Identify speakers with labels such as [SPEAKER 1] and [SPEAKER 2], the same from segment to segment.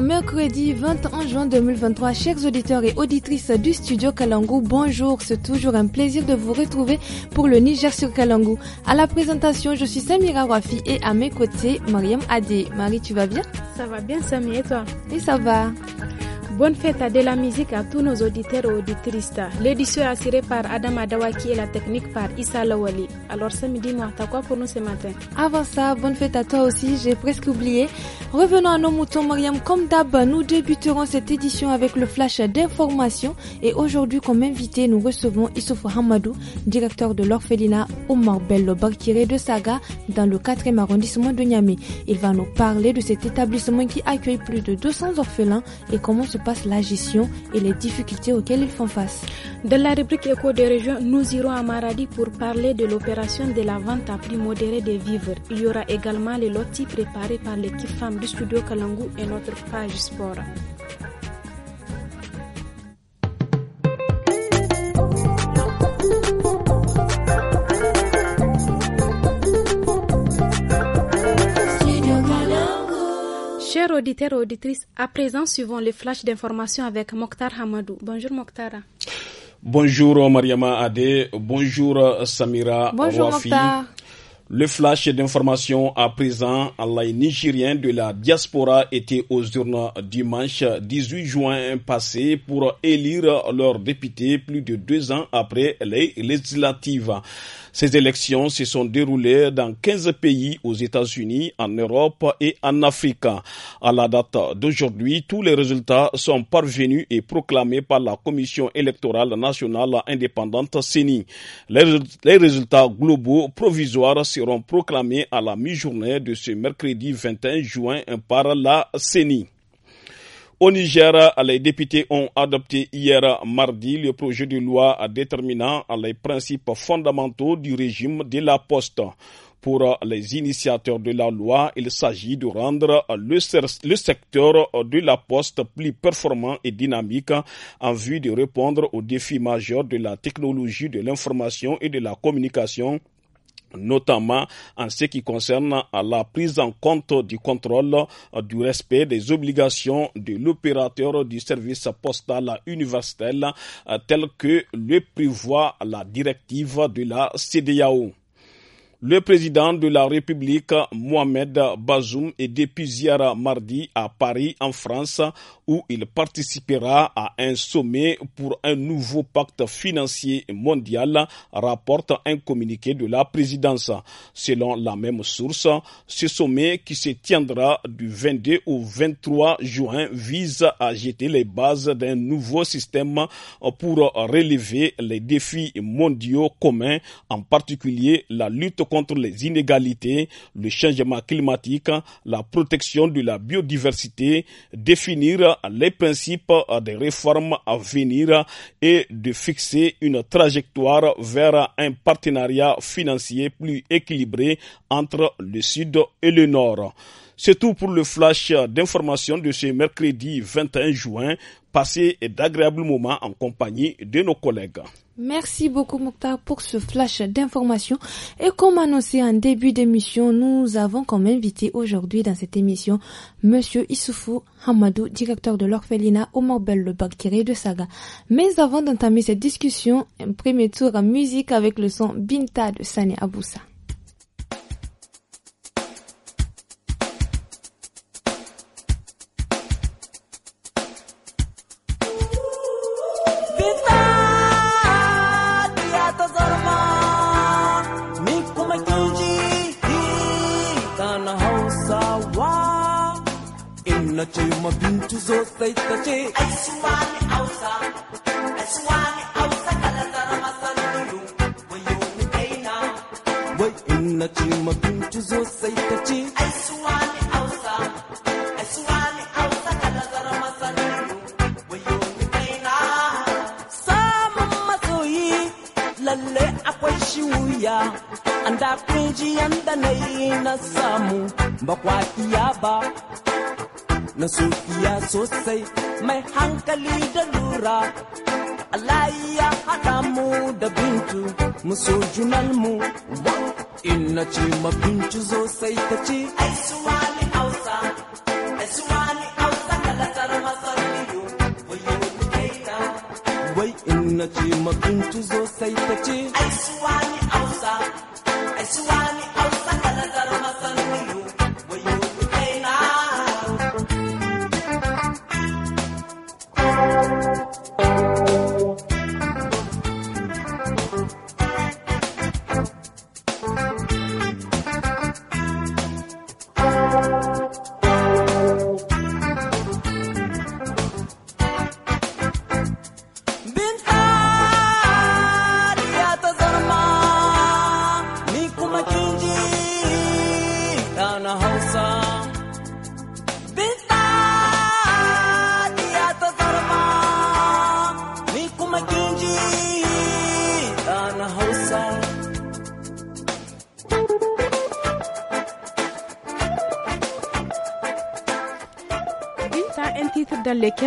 [SPEAKER 1] mercredi 21 juin 2023. Chers auditeurs et auditrices du studio Kalangu, bonjour. C'est toujours un plaisir de vous retrouver pour le Niger sur Kalangu. À la présentation, je suis
[SPEAKER 2] Samira Wafi et à mes côtés, Mariam Adé. Marie, tu vas bien Ça va bien, Samira, et toi Et ça va. Bonne fête à de la musique à tous nos auditeurs et auditrices. L'édition est assurée par Adam Adawaki et la technique par Issa Lawali. Alors samedi, moi, t'as quoi pour nous ce matin
[SPEAKER 1] Avant ça, bonne fête à toi aussi, j'ai presque oublié. Revenons à nos moutons, Mariam. Comme d'hab, nous débuterons cette édition avec le flash d'information. Et aujourd'hui, comme invité, nous recevons Issouf Hamadou, directeur de l'orphelinat Omar Bello Barkiré de Saga dans le 4e arrondissement de Niamey. Il va nous parler de cet établissement qui accueille plus de 200
[SPEAKER 2] orphelins et comment se la gestion et les difficultés auxquelles ils font face. Dans la rubrique Éco des régions, nous irons à Maradi pour parler de l'opération de la vente à prix modéré des vivres. Il y aura également les lotis préparés par l'équipe femme du studio Kalangu et notre page sport. Chers auditeurs et auditrices, à présent, suivons les flashs d'information avec Mokhtar Hamadou. Bonjour Mokhtar.
[SPEAKER 3] Bonjour Mariama Adé, bonjour Samira Bonjour Mokhtar. Le flash d'information à présent, les Nigériens de la diaspora étaient aux urnes dimanche 18 juin passé pour élire leurs députés plus de deux ans après les législatives. Ces élections se sont déroulées dans 15 pays aux États-Unis, en Europe et en Afrique. À la date d'aujourd'hui, tous les résultats sont parvenus et proclamés par la Commission électorale nationale indépendante CENI. Les résultats globaux provisoires seront proclamés à la mi-journée de ce mercredi 21 juin par la CENI. Au Niger, les députés ont adopté hier mardi le projet de loi déterminant les principes fondamentaux du régime de la poste. Pour les initiateurs de la loi, il s'agit de rendre le, secteur de la poste plus performant et dynamique en vue de répondre aux défis majeurs de la technologie de l'information et de la communication notamment en ce qui concerne la prise en compte du contrôle euh, du respect des obligations de l'opérateur du service postal universel euh, tel que le prévoit la directive de la CDAO. Le président de la République, Mohamed Bazoum, est depuis hier mardi à Paris, en France, où il participera à un sommet pour un nouveau pacte financier mondial, rapporte un communiqué de la présidence. Selon la même source, ce sommet qui se tiendra du 22 au 23 juin vise à jeter les bases d'un nouveau système pour relever les défis mondiaux communs, en particulier la lutte contre les inégalités, le changement climatique, la protection de la biodiversité, définir les principes des réformes à venir et de fixer une trajectoire vers un partenariat financier plus équilibré entre le Sud et le Nord. C'est tout pour le flash d'information de ce mercredi 21 juin. Passez d'agréables moments en compagnie de nos collègues.
[SPEAKER 1] Merci beaucoup Mokhtar pour ce flash d'informations. Et comme annoncé en début d'émission, nous avons comme invité aujourd'hui dans cette émission Monsieur Issoufou Hamadou, directeur de l'orphelinat au Morbel le Bakiré de Saga. Mais avant d'entamer cette discussion, un premier tour en musique avec le son Binta de Sani Aboussa.
[SPEAKER 4] pleitos y Magaling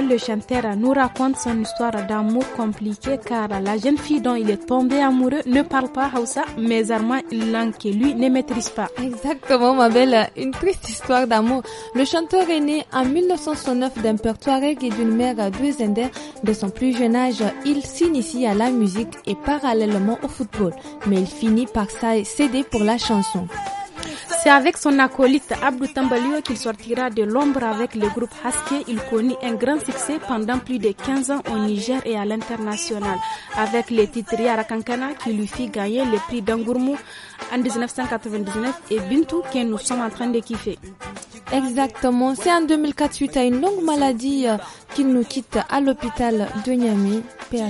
[SPEAKER 2] le chanteur nous raconte son histoire d'amour compliquée car la jeune fille dont il est tombé amoureux ne parle pas Hausa mais Armand langue qui lui ne maîtrise pas. Exactement ma belle, une triste histoire d'amour. Le chanteur est né en 1969
[SPEAKER 1] d'un père Touareg et d'une mère deux De son plus jeune âge, il s'initie à la musique
[SPEAKER 2] et parallèlement au football mais il finit par céder pour la chanson. C'est avec son acolyte Abdou Tambalio qu'il sortira de l'ombre avec le groupe Haske. Il connut un grand succès pendant plus de 15 ans au Niger et à l'international, avec le titre Yara Kankana qui lui fit gagner le prix d'Angourmou en 1999 et Bintou que nous sommes en train de kiffer.
[SPEAKER 1] Exactement, c'est en 2004 suite à une longue maladie euh, qu'il nous quitte à l'hôpital de Niamey, paix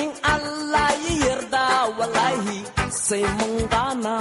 [SPEAKER 4] In Allah yi yarda wallahi sai mun gana.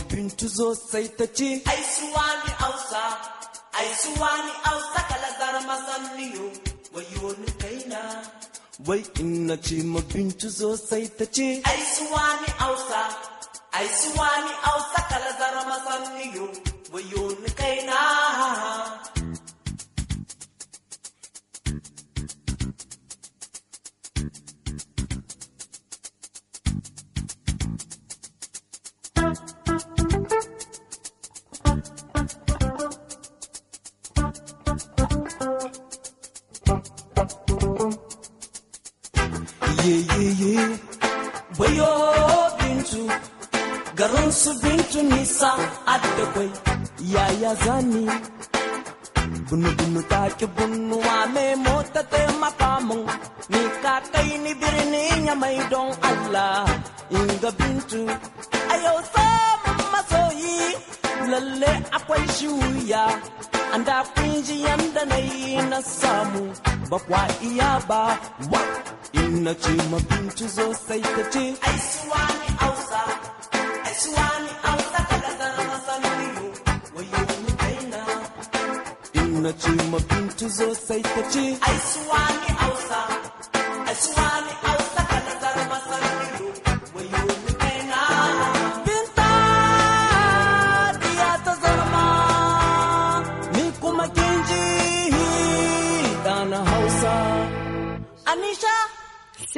[SPEAKER 4] Mama Bintu ta ce, ni ausa, ai ni ausa kalazar masanniyo, wayo ni kaina. Wai ina ce ma Bintu ta ce, ni ausa, ai ni ausa kalazar masanniyo, wayo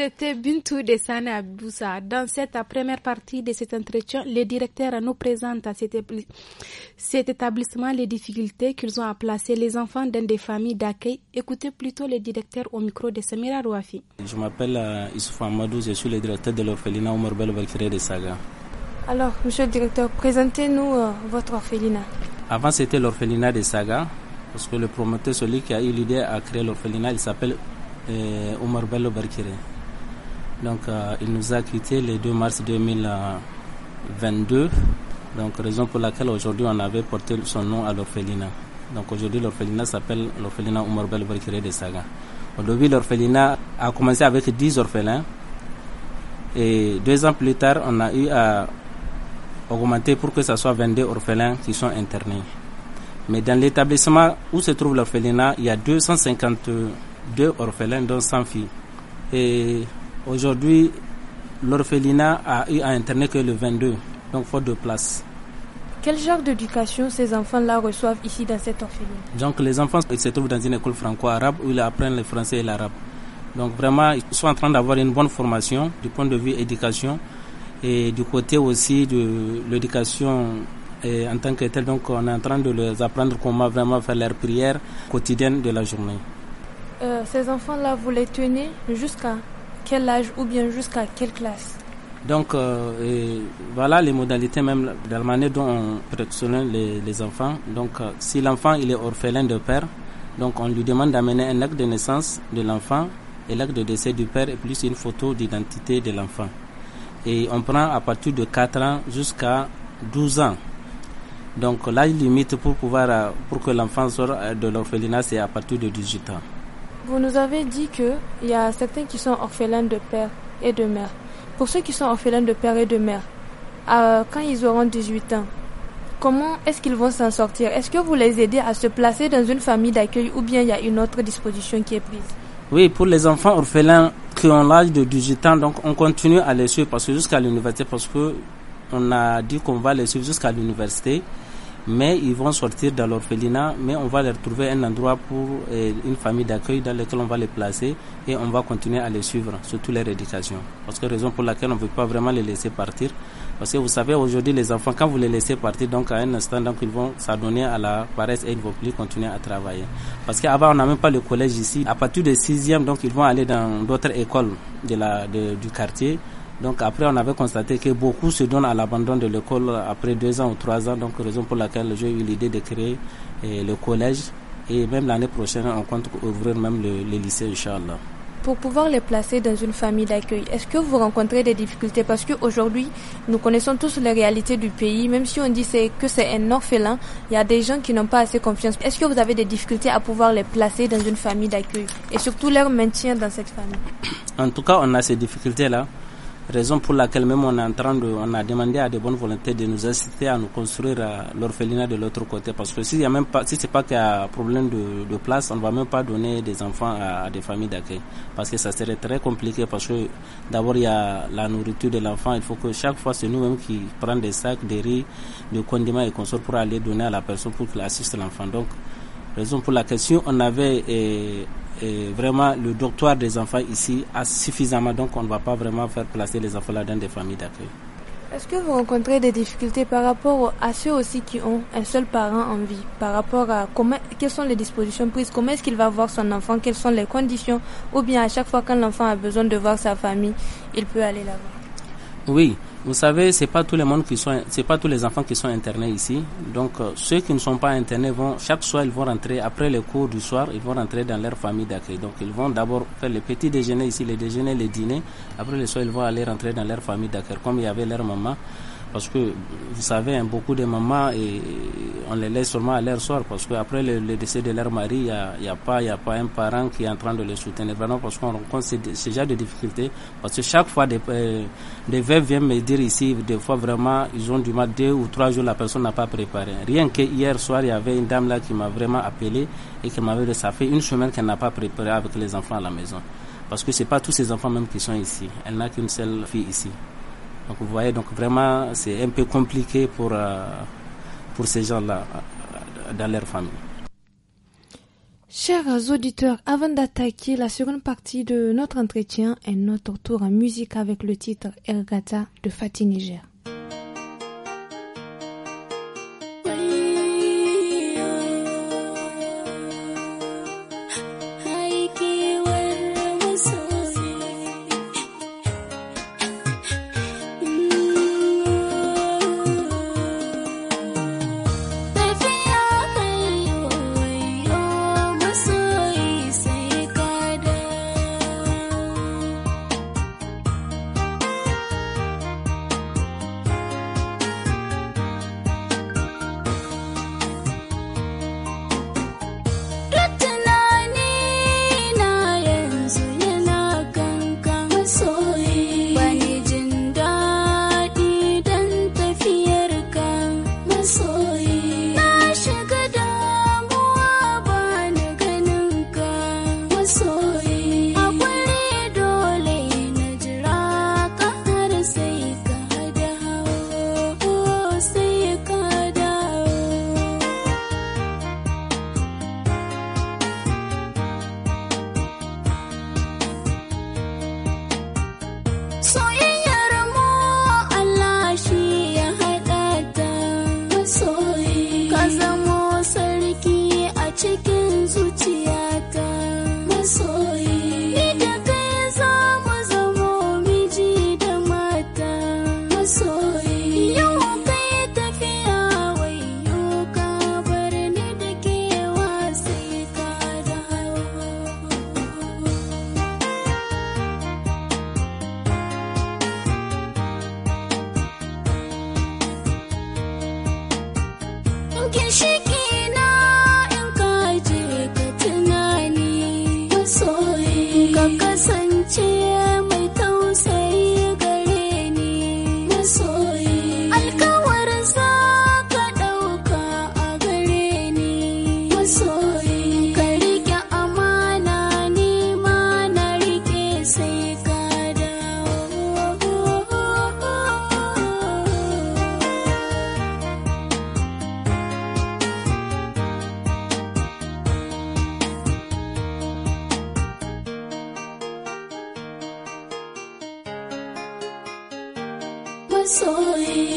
[SPEAKER 4] C'était Bintou
[SPEAKER 2] Desane Boussa. Dans cette première partie de cet entretien, les directeur nous présente à cet, établissement les difficultés qu'ils ont à placer les enfants dans des familles d'accueil. Écoutez plutôt le directeur au micro de Samira Rouafi.
[SPEAKER 5] Je m'appelle euh, Issouf Amadou, je suis le directeur de l'orphelinat Omar Belvalkiré de Saga.
[SPEAKER 2] Alors, monsieur le directeur, présentez-nous
[SPEAKER 1] euh, votre orphelinat.
[SPEAKER 5] Avant, c'était l'orphelinat de Saga, parce que le promoteur, celui qui a eu l'idée à créer l'orphelinat, il s'appelle euh, Omar Bello donc, euh, il nous a quitté le 2 mars 2022. Donc, raison pour laquelle aujourd'hui on avait porté son nom à l'orphelinat. Donc, aujourd'hui, l'orphelinat s'appelle l'orphelinat Oumar Belberkiré de Saga. Aujourd'hui, l'orphelinat a commencé avec 10 orphelins. Et deux ans plus tard, on a eu à augmenter pour que ce soit 22 orphelins qui sont internés. Mais dans l'établissement où se trouve l'orphelinat, il y a 252 orphelins, dont 100 filles. Et Aujourd'hui, l'orphelinat a eu à interner que le 22, donc faute de place.
[SPEAKER 1] Quel genre d'éducation ces enfants-là reçoivent ici dans cette orphelinat
[SPEAKER 5] Donc les enfants se trouvent dans une école franco-arabe où ils apprennent le français et l'arabe. Donc vraiment, ils sont en train d'avoir une bonne formation du point de vue éducation et du côté aussi de l'éducation en tant que tel, donc on est en train de les apprendre comment vraiment faire leurs prières quotidiennes de la journée.
[SPEAKER 1] Euh, ces enfants-là, vous les tenez jusqu'à quel âge ou bien jusqu'à quelle classe
[SPEAKER 5] donc euh, voilà les modalités même de la manière dont on prétend les, les, enfants. Donc euh, si l'enfant il est orphelin de père, donc on lui demande d'amener un acte de naissance de l'enfant et l'acte de décès du père et plus une photo d'identité de l'enfant. Et on prend à partir de 4 ans jusqu'à 12 ans. Donc l'âge limite pour pouvoir euh, pour que l'enfant sorte de l'orphelinat c'est à partir de 18 ans.
[SPEAKER 1] Vous nous avez dit qu'il y a certains qui sont orphelins de père et de mère. Pour ceux qui sont orphelins de père et de mère, euh, quand ils auront 18 ans, comment est-ce qu'ils vont s'en sortir Est-ce que vous les aidez à se placer dans une famille d'accueil ou bien il y a une autre disposition qui est prise
[SPEAKER 5] Oui, pour les enfants orphelins qui ont l'âge de 18 ans, donc on continue à les suivre parce jusqu'à l'université, parce que on a dit qu'on va les suivre jusqu'à l'université mais ils vont sortir dans l'orphelinat, mais on va leur trouver un endroit pour eh, une famille d'accueil dans laquelle on va les placer et on va continuer à les suivre, surtout les éducation. Parce que raison pour laquelle on ne veut pas vraiment les laisser partir. Parce que vous savez, aujourd'hui, les enfants, quand vous les laissez partir, donc à un instant, donc ils vont s'adonner à la paresse et ils ne vont plus continuer à travailler. Parce qu'avant, on n'a même pas le collège ici. À partir de 6 donc ils vont aller dans d'autres écoles de la, du quartier donc après, on avait constaté que beaucoup se donnent à l'abandon de l'école après deux ans ou trois ans, donc raison pour laquelle j'ai eu l'idée de créer eh, le collège. Et même l'année prochaine, on compte ouvrir même le, lycée, Charles.
[SPEAKER 1] Pour pouvoir les placer dans une famille d'accueil, est-ce que vous rencontrez des difficultés Parce qu'aujourd'hui, nous connaissons tous les réalités du pays. Même si on dit que c'est un orphelin, il y a des gens qui n'ont pas assez confiance. Est-ce que vous avez des difficultés à pouvoir les placer dans une famille d'accueil Et surtout leur maintien dans cette famille
[SPEAKER 5] En tout cas, on a ces difficultés-là. Raison pour laquelle même on est en train de, on a demandé à des bonnes volontés de nous inciter à nous construire euh, l'orphelinat de l'autre côté. Parce que s'il y a même pas, si c'est pas qu'il y a problème de, de, place, on va même pas donner des enfants à, des familles d'accueil. Parce que ça serait très compliqué parce que d'abord il y a la nourriture de l'enfant. Il faut que chaque fois c'est nous-mêmes qui prenons des sacs, des riz, des condiments et consorts pour aller donner à la personne pour qu'elle assiste l'enfant. Donc, raison pour la question on avait euh, et vraiment le doctoire des enfants ici a suffisamment, donc on ne va pas vraiment faire placer les enfants là dans des familles d'accueil.
[SPEAKER 1] Est-ce que vous rencontrez des difficultés par rapport à ceux aussi qui ont un seul parent en vie, par rapport à comment, quelles sont les dispositions prises, comment est-ce qu'il va voir son enfant, quelles sont les conditions, ou bien à chaque fois quand l'enfant a besoin de voir sa famille, il peut aller la voir
[SPEAKER 5] Oui, vous savez, c'est pas tous les monde qui sont, c'est pas tous les enfants qui sont internés ici. Donc euh, ceux qui ne sont pas internés vont chaque soir ils vont rentrer après le cours du soir, ils vont rentrer dans leur famille d'accueil. Donc ils vont d'abord faire le petit déjeuner ici, le déjeuner, le dîner. Après le soir ils vont aller rentrer dans leur famille d'accueil comme il y avait leur maman. Parce que, vous savez, hein, beaucoup de mamans, et, on les laisse seulement à leur soir Parce qu'après le, décès de leur mari, il n'y a, pas, a pas un parent qui est en train de les soutenir. Vraiment, parce qu'on rencontre ce, ce, de difficultés. Parce que chaque fois, euh, des, veuves viennent me dire ici, des fois vraiment, ils ont du mal, deux ou trois jours, la personne n'a pas préparé. Rien que hier soir, il y avait une dame là qui m'a vraiment appelé et qui m'avait dit, ça fait une semaine qu'elle n'a pas préparé avec les enfants à la maison. Parce que ce n'est pas tous ces enfants même qui sont ici. Elle n'a qu'une seule fille ici. Donc vous voyez, donc vraiment, c'est un peu compliqué pour, euh, pour ces gens-là euh, dans leur famille.
[SPEAKER 6] Chers
[SPEAKER 1] auditeurs, avant d'attaquer la seconde partie de notre entretien, un notre tour en musique avec le titre Ergata de Fatih Niger.
[SPEAKER 7] 所以。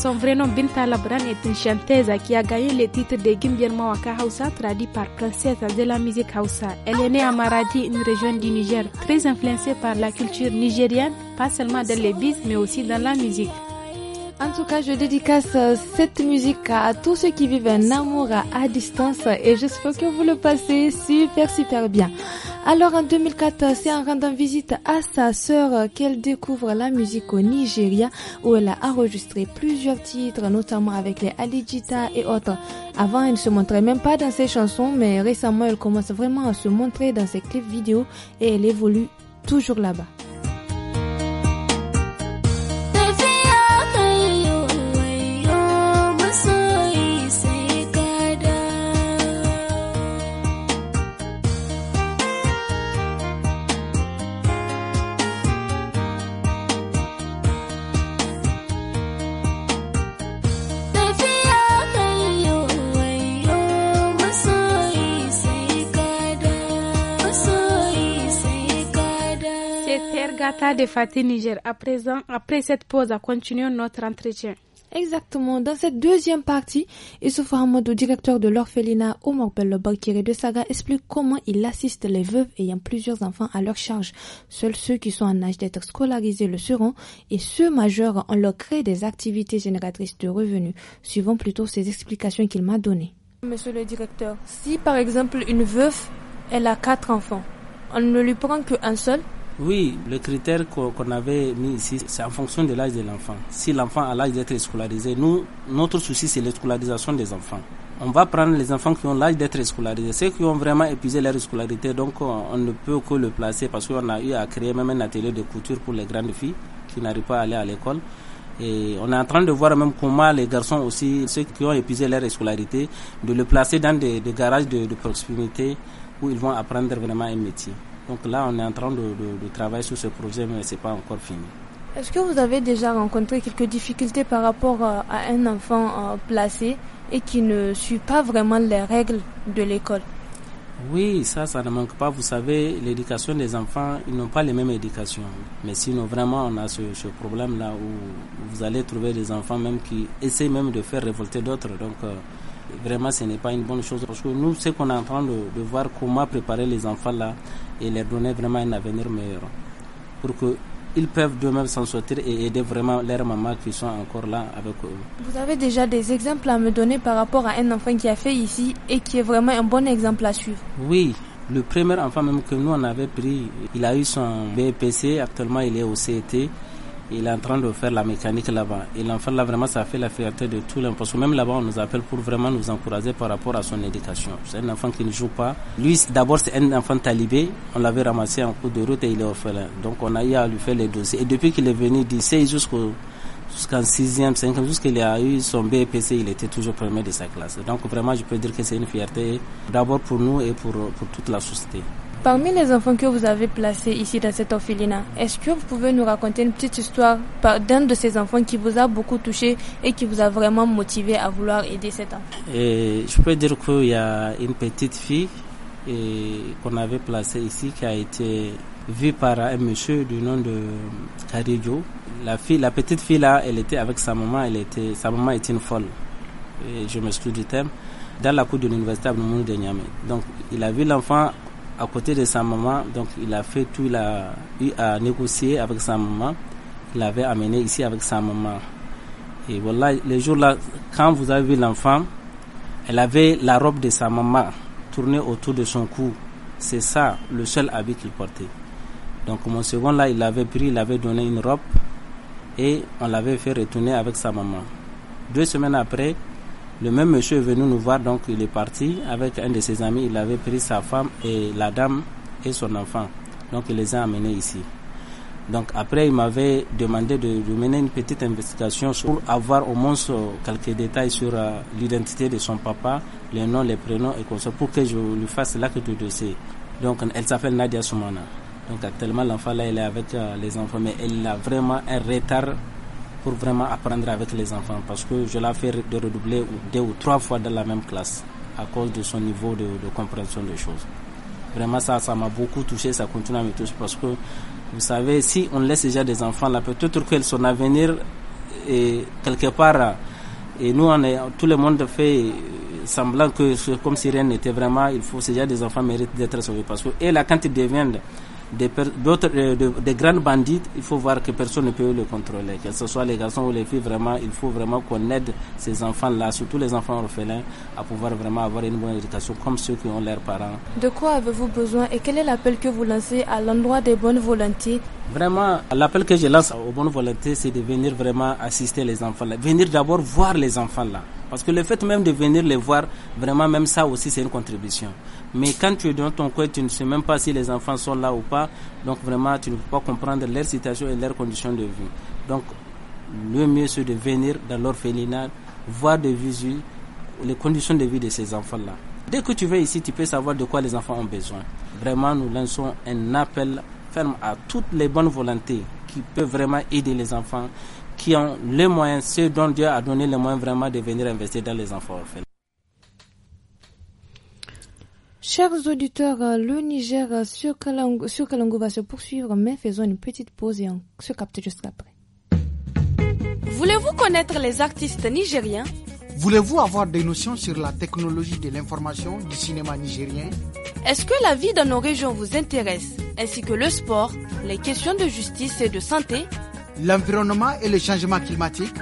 [SPEAKER 2] Son vrai nom, Binta Labran, est une chanteuse qui a gagné le titre de Gimbian Mawaka Hausa, traduit par Princesse de la musique Hausa. Elle est née à Maradi, une région du Niger, très influencée par la culture nigérienne, pas seulement dans les bis, mais aussi dans la musique.
[SPEAKER 1] En tout cas, je dédicace euh, cette musique à tous ceux qui vivent un amour à distance et j'espère que vous le passez super, super bien. Alors en 2014, c'est en rendant visite à sa sœur qu'elle découvre la musique au Nigeria où elle a enregistré plusieurs titres, notamment avec les Aligita et autres. Avant, elle ne se montrait même pas dans ses chansons, mais récemment, elle commence vraiment à se montrer dans ses clips vidéo et elle évolue toujours là-bas.
[SPEAKER 2] de Fatih Niger. À présent, après cette pause, à continuer notre entretien. Exactement. Dans cette deuxième
[SPEAKER 1] partie, Issouf Hamadou, directeur de l'orphelinat Omar Bello et de Saga, explique comment il assiste les veuves ayant plusieurs enfants à leur charge. Seuls ceux qui sont en âge d'être scolarisés le seront et ceux majeurs, en leur crée des activités génératrices de revenus, suivant plutôt ces explications qu'il m'a données. Monsieur le directeur, si par exemple une veuve, elle a quatre enfants, on ne lui prend qu'un seul,
[SPEAKER 5] oui, le critère qu'on avait mis ici, c'est en fonction de l'âge de l'enfant. Si l'enfant a l'âge d'être scolarisé, nous, notre souci, c'est l'escolarisation des enfants. On va prendre les enfants qui ont l'âge d'être scolarisés, ceux qui ont vraiment épuisé leur scolarité, donc on, ne peut que le placer parce qu'on a eu à créer même un atelier de couture pour les grandes filles qui n'arrivent pas à aller à l'école. Et on est en train de voir même comment les garçons aussi, ceux qui ont épuisé leur scolarité, de le placer dans des, garages de proximité où ils vont apprendre vraiment un métier. Donc là, on est en train de, travailler sur ce projet, mais ce n'est pas encore fini.
[SPEAKER 1] Est-ce que vous avez déjà rencontré quelques difficultés par rapport euh, à, un enfant euh, placé et qui ne suit pas vraiment les règles de l'école
[SPEAKER 5] oui, ça, ça ne manque pas. Vous savez, l'éducation des enfants, ils n'ont pas les mêmes éducations. Mais sinon, vraiment, on a ce, problème-là où vous allez trouver des enfants même qui essaient même de faire révolter d'autres. Donc, euh, vraiment, ce n'est pas une bonne chose. Parce que nous, ce qu'on est en train de voir, comment préparer les enfants là, et leur donner vraiment un avenir meilleur. Pour qu'ils peuvent d'eux-mêmes s'en sortir et aider vraiment leurs mamans qui sont encore là avec eux.
[SPEAKER 1] Vous avez déjà des exemples à me donner par rapport à un enfant qui a fait ici et qui est vraiment un bon exemple à suivre
[SPEAKER 5] Oui, le premier enfant même que nous on avait pris, il a eu son BPC, actuellement il est au CET. Il est en train de faire la mécanique là-bas. Et l'enfant là, vraiment, ça fait la fierté de tout l'un. Parce même là-bas, on nous appelle pour vraiment nous encourager par rapport à son éducation. C'est un enfant qui ne joue pas. Lui, d'abord, c'est un enfant talibé. On l'avait ramassé en cours de route et il est orphelin. Donc, on a eu à lui faire les dossiers. Et depuis qu'il est venu d'ici jusqu'au jusqu'en 6e, 5e, qu'il a eu son BPC, il était toujours premier de sa classe. Donc vraiment, je peux dire que c'est une fierté d'abord pour nous et pour toute la société.
[SPEAKER 1] Parmi les enfants que vous avez placés ici dans cette orphelinat, est-ce que vous pouvez nous raconter une petite histoire d'un de ces enfants qui vous a beaucoup touché et qui vous a vraiment motivé à vouloir aider cet enfant
[SPEAKER 5] et Je peux dire qu'il y a une petite fille qu'on avait placée ici qui a été vue par un monsieur du nom de Karidjo. La la petite fille là, elle était avec sa maman, elle était, sa maman était une folle. je m'excuse du terme. Dans la cour de l'université Abdelmouni de Niamey. Donc, il a vu l'enfant à côté de sa maman. Donc il a fait tout, il a eu à négocier avec sa maman. Il l'avait amené ici avec sa maman. Et voilà, les jours-là, quand vous avez vu l'enfant, elle avait la robe de sa maman tournée autour de son cou. C'est ça, le seul habit qu'il portait. Donc mon second là, il avait pris, il avait donné une robe et on l'avait fait retourner avec sa maman. Deux semaines après, le même monsieur est venu nous voir, donc il est parti avec un de ses amis. Il avait pris sa femme et la dame et son enfant. Donc il les a amenés ici. Donc après, il m'avait demandé de, de, mener une petite investigation pour avoir au moins euh, quelques détails sur euh, l'identité de son papa, les noms, les prénoms et ça, pour que je lui fasse l'acte de dossier. Donc elle s'appelle Nadia Soumana. Donc actuellement, l'enfant là, il est avec euh, les enfants, mais elle a vraiment un retard pour vraiment apprendre avec les enfants parce que je l'ai fait de redoubler deux ou trois fois dans la même classe à cause de son niveau de, compréhension des choses. Vraiment, ça, ça m'a beaucoup touché, ça continue à me toucher parce que, vous savez, si on laisse déjà des enfants là, peut-être que son avenir et quelque part, euh, et nous, on est, tout le monde fait euh, semblant que comme si rien n'était vraiment, il faut déjà des enfants méritent d'être sauvés parce que, et là, quand ils deviennent des, euh, grandes bandites, il faut voir que personne ne peut le contrôler, que ce soit les garçons ou les filles, vraiment, il faut vraiment qu'on aide ces enfants-là, surtout les enfants orphelins, à pouvoir vraiment avoir une bonne éducation comme ceux qui ont leurs parents.
[SPEAKER 1] De quoi avez-vous besoin et quel est l'appel que vous lancez à l'endroit des bonnes volontés
[SPEAKER 5] Vraiment, l'appel que je lance aux bonnes volontés, c'est de venir vraiment assister les enfants-là, venir d'abord voir les enfants-là. Parce que le fait même de venir les voir, vraiment, même ça aussi, c'est une contribution. Mais quand tu es dans ton coin, tu ne sais même pas si les enfants sont là ou pas. Donc, vraiment, tu ne peux pas comprendre leur situation et leurs conditions de vie. Donc, le mieux, c'est de venir dans l'orphelinat, voir de visu les conditions de vie de ces enfants-là. Dès que tu viens ici, tu peux savoir de quoi les enfants ont besoin. Vraiment, nous lançons un appel ferme à toutes les bonnes volontés qui peuvent vraiment aider les enfants qui ont les moyens, ceux dont Dieu a donné les moyens vraiment de venir investir dans les enfants orphelins.
[SPEAKER 1] Chers auditeurs, euh, le Niger euh, sur Kalongo va se poursuivre, mais faisons une petite pause et on se capte juste après. Voulez-vous connaître les artistes nigériens
[SPEAKER 8] Voulez-vous avoir des notions sur la technologie de l'information du cinéma nigérien
[SPEAKER 1] Est-ce que la vie dans nos régions vous intéresse, ainsi que le sport, les questions de justice et de santé
[SPEAKER 8] l'environnement et le changement climatique,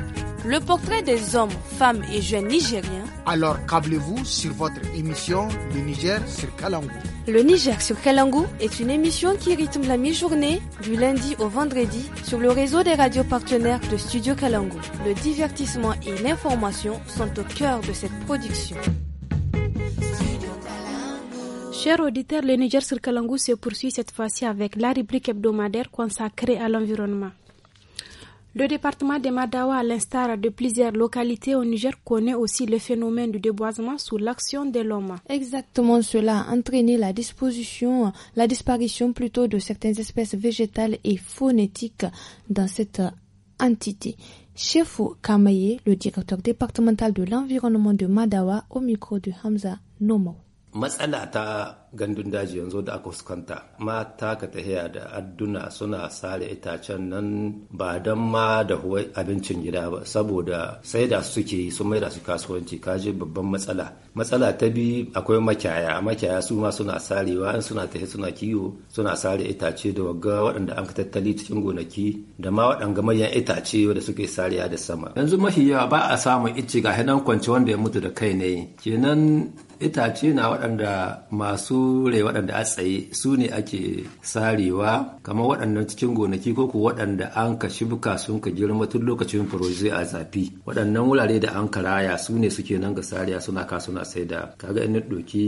[SPEAKER 1] le portrait des hommes, femmes et jeunes nigériens.
[SPEAKER 8] Alors câblez-vous sur votre émission Le Niger sur Kalangou. Le Niger
[SPEAKER 1] sur Kalangou est une émission qui rythme la mi-journée du lundi au vendredi sur le réseau des radios partenaires de Studio Kalangou. Le divertissement et l'information sont au cœur
[SPEAKER 2] de cette production. Chers auditeurs, le Niger sur Kalangou se poursuit cette fois-ci avec la rubrique hebdomadaire consacrée à l'environnement. Le département de Madawa, à l'instar de plusieurs localités au Niger, connaît aussi le phénomène du déboisement sous l'action de l'homme. Exactement
[SPEAKER 1] cela a entraîné la disposition, la disparition plutôt de certaines espèces végétales et phonétiques dans cette entité. Chef Kamaye, le directeur départemental de l'environnement de Madawa, au micro de Hamza Nomo.
[SPEAKER 9] matsala ta gandun daji yanzu da aka fuskanta mata ka tahiya da adduna suna sare itacen nan ba don ma da abincin gida ba saboda sai da suke sun mai da su kasuwanci kaje babban matsala matsala ta bi akwai makyaya. makiyaya su ma suna sarewa in suna tahi suna kiwo suna sare itace da wagga waɗanda an tattali cikin gonaki da ma waɗanga manyan itace wanda suke sarewa da sama yanzu mafi yawa ba a samun icce ga hidan kwanci wanda ya mutu da kai ne kenan itace na waɗanda masu rai waɗanda a tsaye su ne ake sarewa kamar waɗannan cikin gonaki ko ku waɗanda an ka shibka sun ka girma tun lokacin furoje a zafi waɗannan wurare da an karaya su ne suke nan ga sariya suna kasuwa suna sai da kaga in ɗauki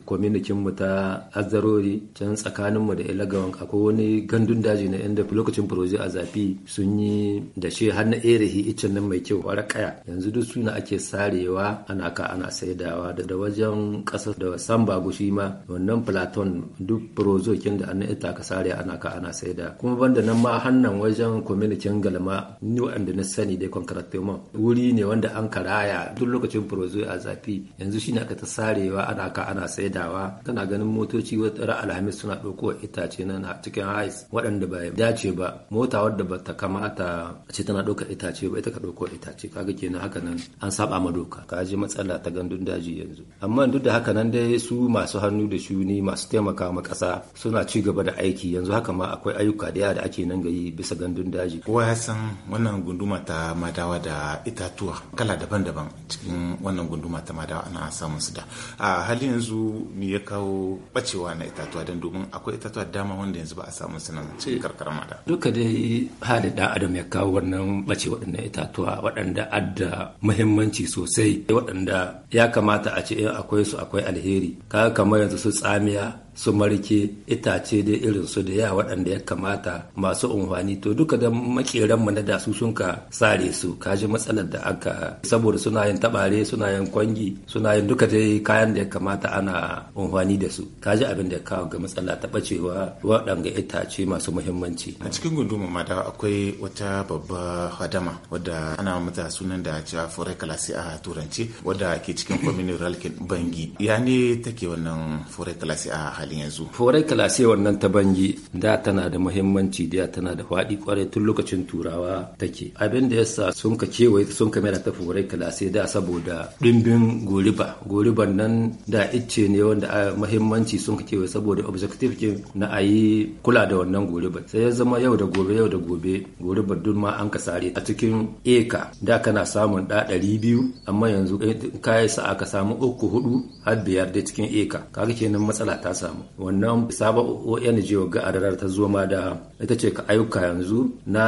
[SPEAKER 9] kwaminikinmu ta azzarori can tsakaninmu da ilagawan akwai wani gandun daji na yan lokacin proje a zafi sun yi da shi har na erihi iccen nan mai kyau wara kaya yanzu duk suna ake sarewa ana ka ana saidawa da wajen kasa da samba gushi ma wannan platon duk kin da ana ita ka sare ana ka ana saida kuma banda nan ma hannan wajen kwaminikin galma ni wanda na sani dai konkretement wuri ne wanda an karaya duk lokacin prozo a zafi yanzu shine aka ta sarewa ana ka ana saida saidawa tana ganin motoci wata alhamis suna ɗauko itace na cikin hais waɗanda ba dace ba mota wadda ba ta kamata a ce tana ɗaukar itace ba ita ka ɗauko itace kaga kenan haka nan an saba ma doka ka je matsala ta gandun daji yanzu amma duk da haka nan dai su masu hannu da shuni masu taimaka
[SPEAKER 10] ma ƙasa suna ci gaba da aiki yanzu haka ma akwai ayyuka da yawa da ake nan gayi bisa gandun daji kowa ya san wannan gunduma ta madawa da itatuwa kala daban-daban cikin wannan gunduma ta madawa ana samun su da a halin yanzu biyu me ya kawo bacewa na itatuwa don domin akwai itatuwa dama wanda yanzu ba a samu suna cikin eh. karkarar mata duka dai hali
[SPEAKER 9] da adam ya kawo wannan bace waɗanda itatuwa waɗanda adda muhimmanci sosai waɗanda ya kamata a ce eh, akwai su akwai alheri kaga kamar yanzu su tsamiya su marke itace da irin su da ya waɗanda ya kamata masu unhwani to duka da mu na dasu su sun ka sare su kaji matsalar da aka saboda suna yin tabare suna yin kwangi suna yin duka dai kayan da ya kamata ana unhwani da su kaji abin da ya kawo
[SPEAKER 10] ga matsala ta bacewa waɗanda itace masu muhimmanci a cikin gunduma da akwai wata babba hadama wadda ana mata sunan da cewa forai kalasi a turanci wadda ke cikin communal bangi ya ne take wannan forai kalasi a halin yanzu
[SPEAKER 9] horai kalase wannan ta banji da tana da muhimmanci da tana da faɗi kwarai tun lokacin turawa take abin da yasa sun ka kewaye sun ka mera ta horai kalase da saboda ɗimbin goriba goriban nan da icce ne wanda a muhimmanci sun ka kewaye saboda objective ke na a yi kula da wannan goriba sai ya zama yau da gobe yau da gobe goribar duk ma an ka sare a cikin eka da kana samun da ɗari biyu amma yanzu eh, kayan sa aka samu uku hudu har biyar da cikin eka kaga kenan matsala ta samu wannan sabon ONG ga adarar ta zo da ita ce ka ayyuka yanzu na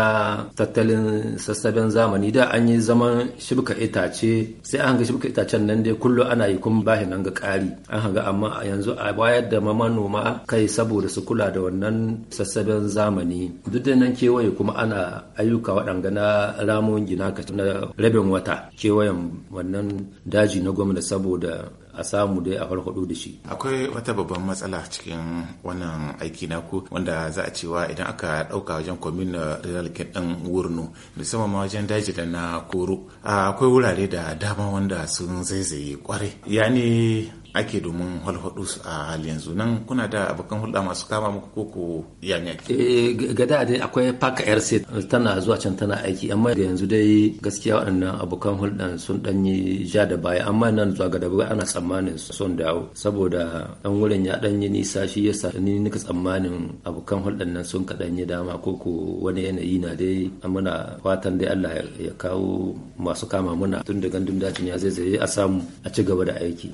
[SPEAKER 9] tattalin sassaben zamani da an yi zaman shibka itace sai an ga shibka itacen nan dai kullum ana yi kuma bahin nan ga ƙari an hanga amma yanzu a bayar da manoma kai saboda su kula da wannan sassaben zamani duk da nan kewaye kuma ana ayyuka waɗanga na ramon gina na rabin wata kewayen wannan
[SPEAKER 10] daji na gwamna saboda a samu dai a farfado da shi akwai wata babban matsala cikin wannan aiki naku wanda za a cewa idan aka ɗauka wajen kwamin da dalilin dan wurno musamman ma wajen daji da na koro akwai wurare da dama wanda sun zaizaye kwarai yani ake domin halhaɗu a hali yanzu nan kuna da abokan hulɗa masu kama muku ko ko yanya eh gada dai akwai air rc tana
[SPEAKER 9] zuwa can tana aiki amma da yanzu dai gaskiya waɗannan abokan hulɗan sun ɗan yi ja da baya amma nan zuwa gada ba ana tsammanin sun dawo saboda ɗan wurin ya ɗan yi nisa shi yasa ni nika tsammanin abokan hulɗan nan sun kaɗan yi dama ko ko wani yanayi na dai muna fatan dai Allah ya kawo masu kama muna tun da gandun dajin ya zai a samu a ci gaba da aiki.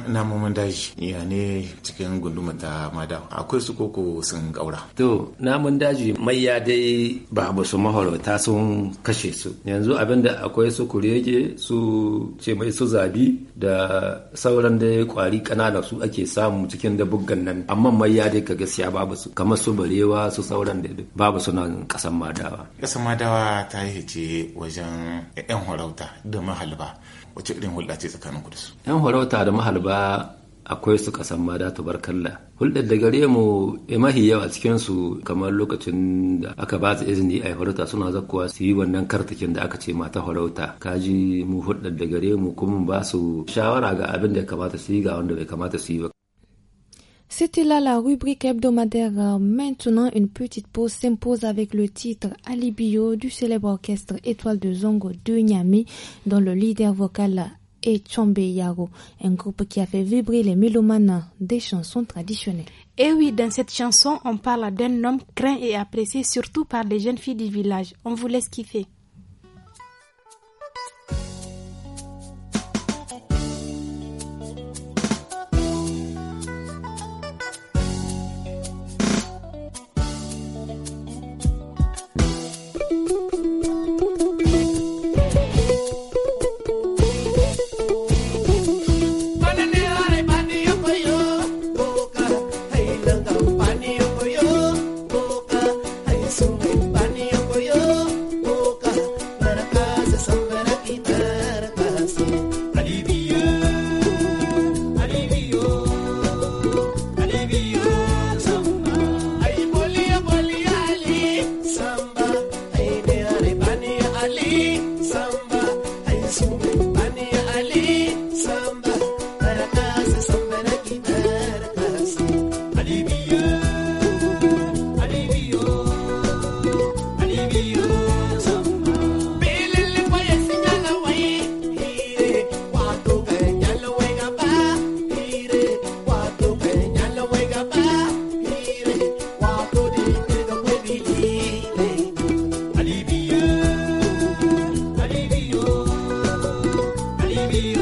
[SPEAKER 10] na namomin daji ya ne cikin gunduma ta mada akwai su koko sun kaura
[SPEAKER 9] to namun daji mai ya dai ba ba su sun kashe su yanzu da akwai su kurege su ce mai su zabi da sauran ya kwari kanana su ake samu cikin da buggan nan amma mai ya dai ka gaskiya babu su kamar su barewa su sauran da babu su nan kasan madawa
[SPEAKER 10] kasan madawa ta yi hice wajen yan horauta da mahalba wace irin hulɗa ce tsakanin ku da su
[SPEAKER 9] yan farauta da mahalba akwai su kasan tubar kalla hulɗar da gare mu eh, mahi yawa cikin su kamar lokacin da aka ba su izini a farauta suna zakkuwa su yi wannan kartakin da aka ce mata farauta kaji mu hulɗar da gare mu kuma ba su shawara ga abin da ya kamata su yi ga wanda bai kamata su yi ba
[SPEAKER 1] C'était là la rubrique hebdomadaire. Euh, maintenant, une petite pause s'impose avec le titre Alibio du célèbre orchestre Étoile de Zongo de Niamey, dont le leader vocal est Chombe Yaro, un groupe qui a fait vibrer les mélomanes des chansons traditionnelles.
[SPEAKER 2] Et eh oui, dans cette chanson, on parle d'un homme craint et apprécié surtout par les jeunes filles du village. On vous laisse kiffer.
[SPEAKER 6] Baby,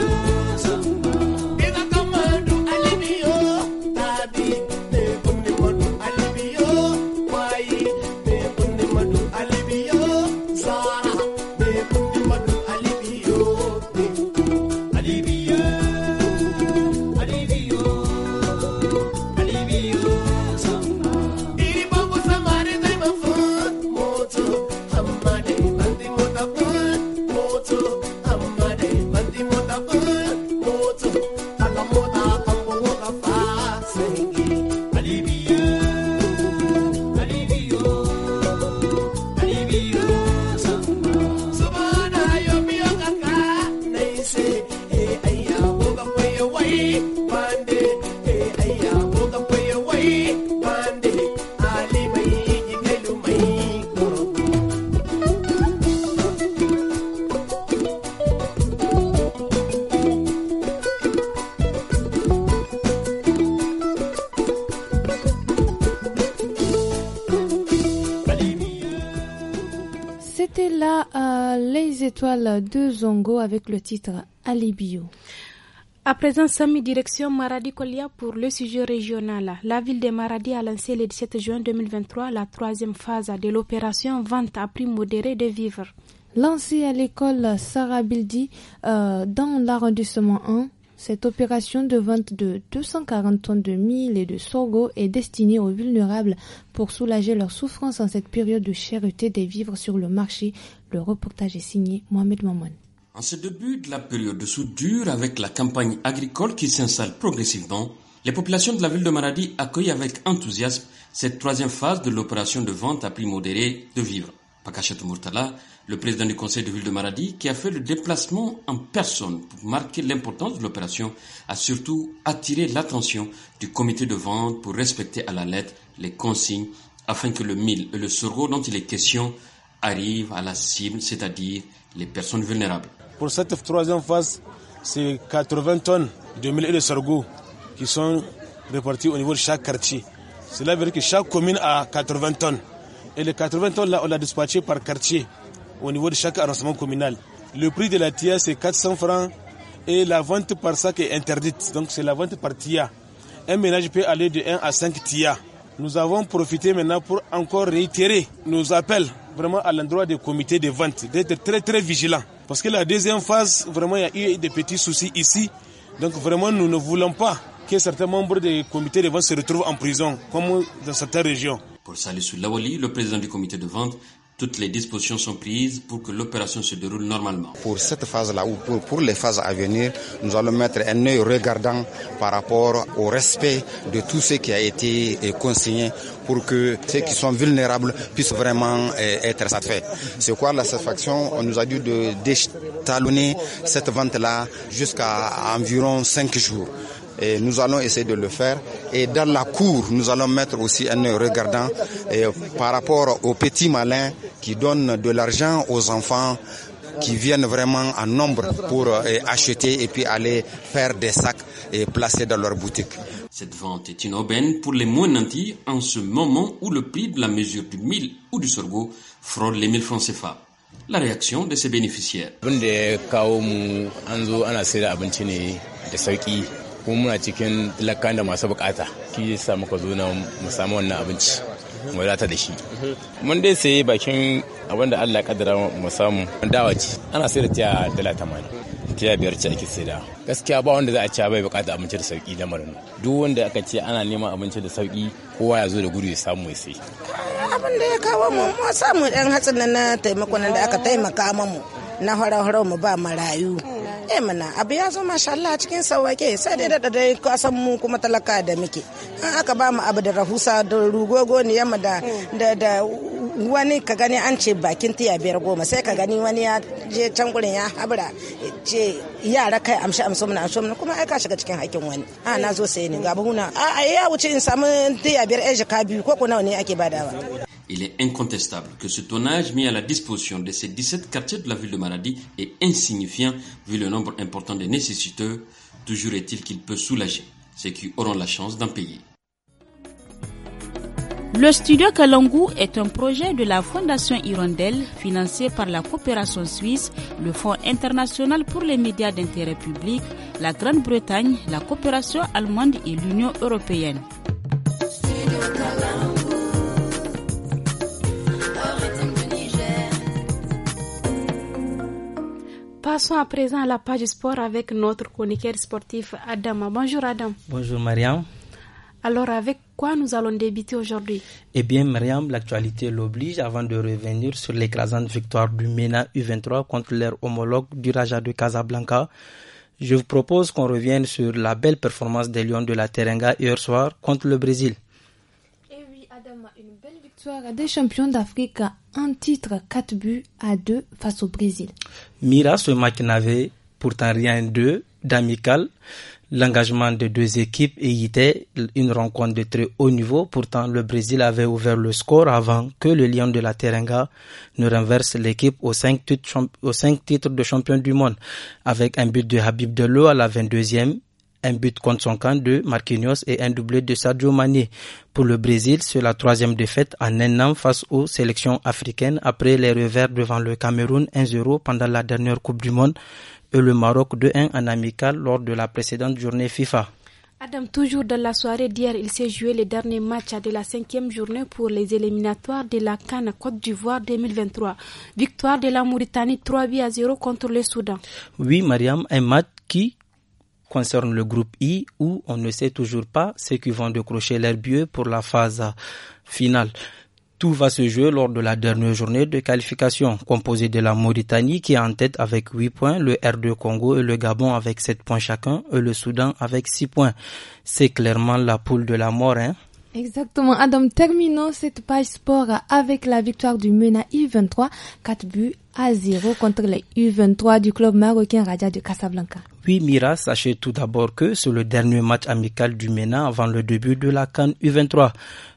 [SPEAKER 1] de Zongo avec le titre Alibio.
[SPEAKER 2] À présent, Samy, direction Maradi Kolia pour le sujet régional. La ville de Maradi a lancé le 17 juin 2023 la troisième phase de l'opération Vente à prix modéré de vivres.
[SPEAKER 1] Lancée à l'école Sarah Bildi euh, dans l'arrondissement 1, cette opération de vente de 240 tonnes de mille et de sorgo est destinée aux vulnérables pour soulager leur souffrances en cette période de cherté des vivres sur le marché le reportage est signé Mohamed Mamoun.
[SPEAKER 11] En ce début de la période de soudure, avec la campagne agricole qui s'installe progressivement, les populations de la ville de Maradi accueillent avec enthousiasme cette troisième phase de l'opération de vente à prix modéré de vivres. Pakachet Murtala, le président du conseil de ville de Maradi, qui a fait le déplacement en personne pour marquer l'importance de l'opération, a surtout attiré l'attention du comité de vente pour respecter à la lettre les consignes afin que le mil et le sorgho dont il est question arrive à la cible, c'est-à-dire les personnes vulnérables.
[SPEAKER 10] Pour cette troisième phase,
[SPEAKER 3] c'est 80 tonnes de mille et de sorgho qui sont répartis au niveau de chaque quartier. Cela veut dire que chaque commune a 80 tonnes. Et les 80 tonnes, là, on l'a dispatché par quartier au niveau de chaque arrondissement communal. Le prix de la TIA, c'est 400 francs et la vente par sac est interdite. Donc, c'est la vente par TIA. Un ménage peut aller de 1 à 5 TIA. Nous avons profité maintenant pour encore réitérer nos appels vraiment à l'endroit des comités de vente, d'être très très vigilants. Parce que la deuxième phase, vraiment, il y a eu des petits soucis ici. Donc vraiment, nous ne voulons pas que certains membres des comités de vente se retrouvent en prison,
[SPEAKER 10] comme
[SPEAKER 11] dans certaines régions. Pour Lawali, le président du comité de vente, toutes les dispositions sont prises pour que l'opération se déroule normalement.
[SPEAKER 10] Pour cette phase-là ou pour, les phases à venir,
[SPEAKER 8] nous allons mettre un œil regardant par rapport au respect de tout ce qui a été eh, consigné pour que ceux qui sont vulnérables puissent vraiment eh, être satisfaits. C'est quoi la satisfaction On nous a dit de détalonner cette vente-là jusqu'à environ cinq jours nous allons essayer de le faire. Et dans la cour, nous allons mettre aussi un regardant et par rapport aux petits malins qui donnent de l'argent aux enfants qui viennent vraiment en nombre pour acheter et puis aller faire des sacs et placer dans leur boutique.
[SPEAKER 11] Cette vente est une aubaine pour les moins nantis en ce moment où le prix de la mesure du mille ou du sorgho frôle les mille francs CFA. La réaction de ces bénéficiaires.
[SPEAKER 10] kuma muna cikin talakan da masu bukata ki sa muka zo na mu samu wannan abinci mu rata da shi mun dai sayi bakin abin da Allah kadara mu samu dawa ce ana sayar da tiya dala tamanin tiya biyar ce ake sayar gaskiya ba wanda za a ci bai bukata abinci da sauki da marin duk wanda aka ce ana neman abinci da sauki kowa ya zo da gudu ya samu ya sai.
[SPEAKER 12] abin da ya kawo mu mu samu ɗan hatsin na taimakon da aka taimaka mamu na horo-horo mu ba marayu eh mana abu ya zo masha Allah cikin sauwake sai dai da dai kasan mu kuma talaka da muke an aka ba mu abu da rahusa da rugogo ne yamma da da wani ka gani an ce bakin tiya biyar goma sai ka gani wani ya je can gurin ya habra ce yara kai amshi amso mana amso mana kuma ai ka shiga cikin hakkin wani a ah, na zo sai ne ga buhuna a ah, ya wuce in samu tiya biyar biyu ko ko nawa ne ake badawa
[SPEAKER 11] Il est incontestable que ce tonnage mis à la disposition de ces 17 quartiers de la ville de Maradi est insignifiant vu le nombre important des nécessiteurs. Toujours est-il qu'il peut soulager ceux qui auront la chance d'en payer.
[SPEAKER 2] Le studio Kalangu est un projet de la Fondation Hirondelle financé par la coopération suisse, le Fonds international pour les médias d'intérêt public,
[SPEAKER 12] la Grande-Bretagne, la coopération allemande et l'Union européenne.
[SPEAKER 2] Passons à présent à la page sport avec notre chroniqueur sportif Adam. Bonjour Adam.
[SPEAKER 13] Bonjour Mariam.
[SPEAKER 2] Alors avec quoi nous allons débuter aujourd'hui
[SPEAKER 13] Eh bien Mariam, l'actualité l'oblige avant de revenir sur l'écrasante victoire du MENA U23 contre leur homologue du Raja de Casablanca. Je vous propose qu'on revienne sur la belle performance des Lions de la Terenga hier soir contre le Brésil.
[SPEAKER 1] Soir des champions d'Afrique un titre 4 buts à deux face au Brésil.
[SPEAKER 13] Mira, ce match n'avait pourtant rien de d'amical. L'engagement des deux équipes était une rencontre de très haut niveau. Pourtant, le Brésil avait ouvert le score avant que le Lion de la Terenga ne renverse l'équipe aux cinq, titres, titres de champion du monde avec un but de Habib Delo à la 22e un but contre son camp de Marquinhos et un doublé de Sadio Mané. Pour le Brésil, c'est la troisième défaite en un an face aux sélections africaines après les revers devant le Cameroun 1-0 pendant la dernière Coupe du Monde et le Maroc 2-1 en amical lors de la précédente journée FIFA.
[SPEAKER 2] Adam, toujours dans la soirée d'hier, il s'est joué les derniers matchs de la cinquième journée pour les éliminatoires de la Cannes Côte d'Ivoire 2023. Victoire de la Mauritanie 3 à 0 contre le Soudan.
[SPEAKER 13] Oui, Mariam, un match qui concerne le groupe I où on ne sait toujours pas ce qui vont décrocher l'air pour la phase finale. Tout va se jouer lors de la dernière journée de qualification, composée de la Mauritanie qui est en tête avec 8 points, le R2 Congo et le Gabon avec 7 points chacun et le Soudan avec 6 points. C'est clairement la poule de la mort. Hein
[SPEAKER 1] Exactement. Adam, terminons cette page sport avec la victoire du MENA U23, 4 buts à 0 contre les U23 du club marocain Raja de Casablanca.
[SPEAKER 13] Oui, Mira, sachez tout d'abord que c'est le dernier match amical du MENA avant le début de la Cannes U23.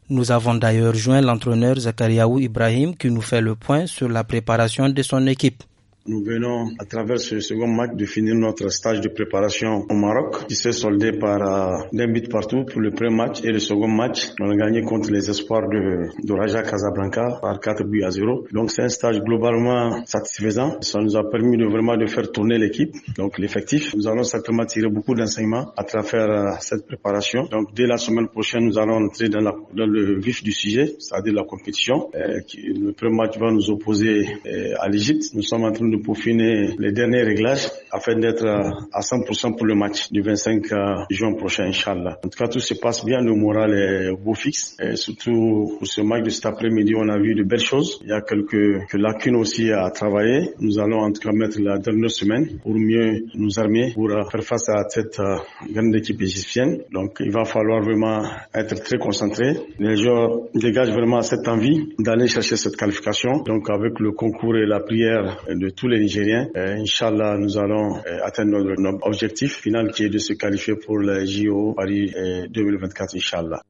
[SPEAKER 13] Nous avons d'ailleurs joint l'entraîneur Zakariaou Ibrahim qui nous fait le point sur la préparation de son équipe.
[SPEAKER 14] Nous venons à travers ce second match de finir notre stage de préparation au Maroc qui s'est soldé par euh, d'un un but partout pour le premier match et le second match. On a gagné contre les espoirs de, Raja Casablanca par 4 buts à 0. Donc c'est un stage globalement satisfaisant. Ça nous a permis de vraiment de faire tourner l'équipe, donc l'effectif. Nous allons certainement tirer beaucoup d'enseignements à travers euh, cette préparation. Donc dès la semaine prochaine, nous allons entrer dans, le vif du sujet, c'est-à-dire la compétition. Euh, le premier match va nous opposer à l'Égypte. Nous sommes en train de pour finir les derniers réglages afin d'être à 100% pour le match du 25 euh, juin prochain, Inch'Allah. En tout cas, tout se passe bien, le moral est beau fixe. Et surtout pour ce match de cet après-midi, on a vu de belles choses. Il y a quelques, lacunes aussi à travailler. Nous allons en tout cas mettre la dernière semaine pour mieux nous armer, pour euh, faire face à cette euh, grande équipe égyptienne. Donc il va falloir vraiment être très concentré. Les joueurs dégagent vraiment cette envie d'aller chercher cette qualification. Donc avec le concours et la prière de tous les Nigériens. Euh, Inch'Allah, nous allons euh, atteindre notre objectif final qui est de se qualifier pour le JO Paris 2024, euh, Inch'Allah.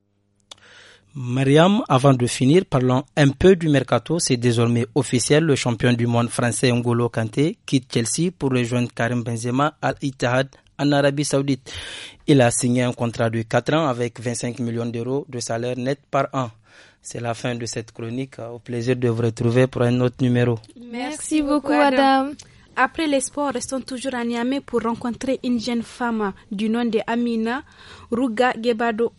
[SPEAKER 13] Mariam, avant de finir, parlons un peu du mercato. C'est désormais officiel. Le champion du monde français Ngolo Kanté quitte Chelsea pour rejoindre Karim Benzema à Ittihad en Arabie Saoudite. Il a signé un contrat de 4 ans avec 25 millions d'euros de salaire net par an. C'est la fin de cette chronique. Au plaisir de vous retrouver pour un autre numéro.
[SPEAKER 2] Merci beaucoup, Adam. Après l'espoir, restons toujours à Niamey pour rencontrer une jeune femme du nom de Amina Ruga Gebado.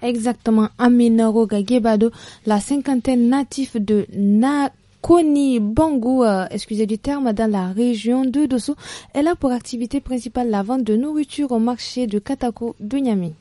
[SPEAKER 2] Exactement,
[SPEAKER 1] Amina Ruga Gebado, la cinquantaine native de Nakoni Bangou, euh, excusez du terme, dans la région de Dosso. Elle a pour activité principale la vente de nourriture au marché de Katako de Niamey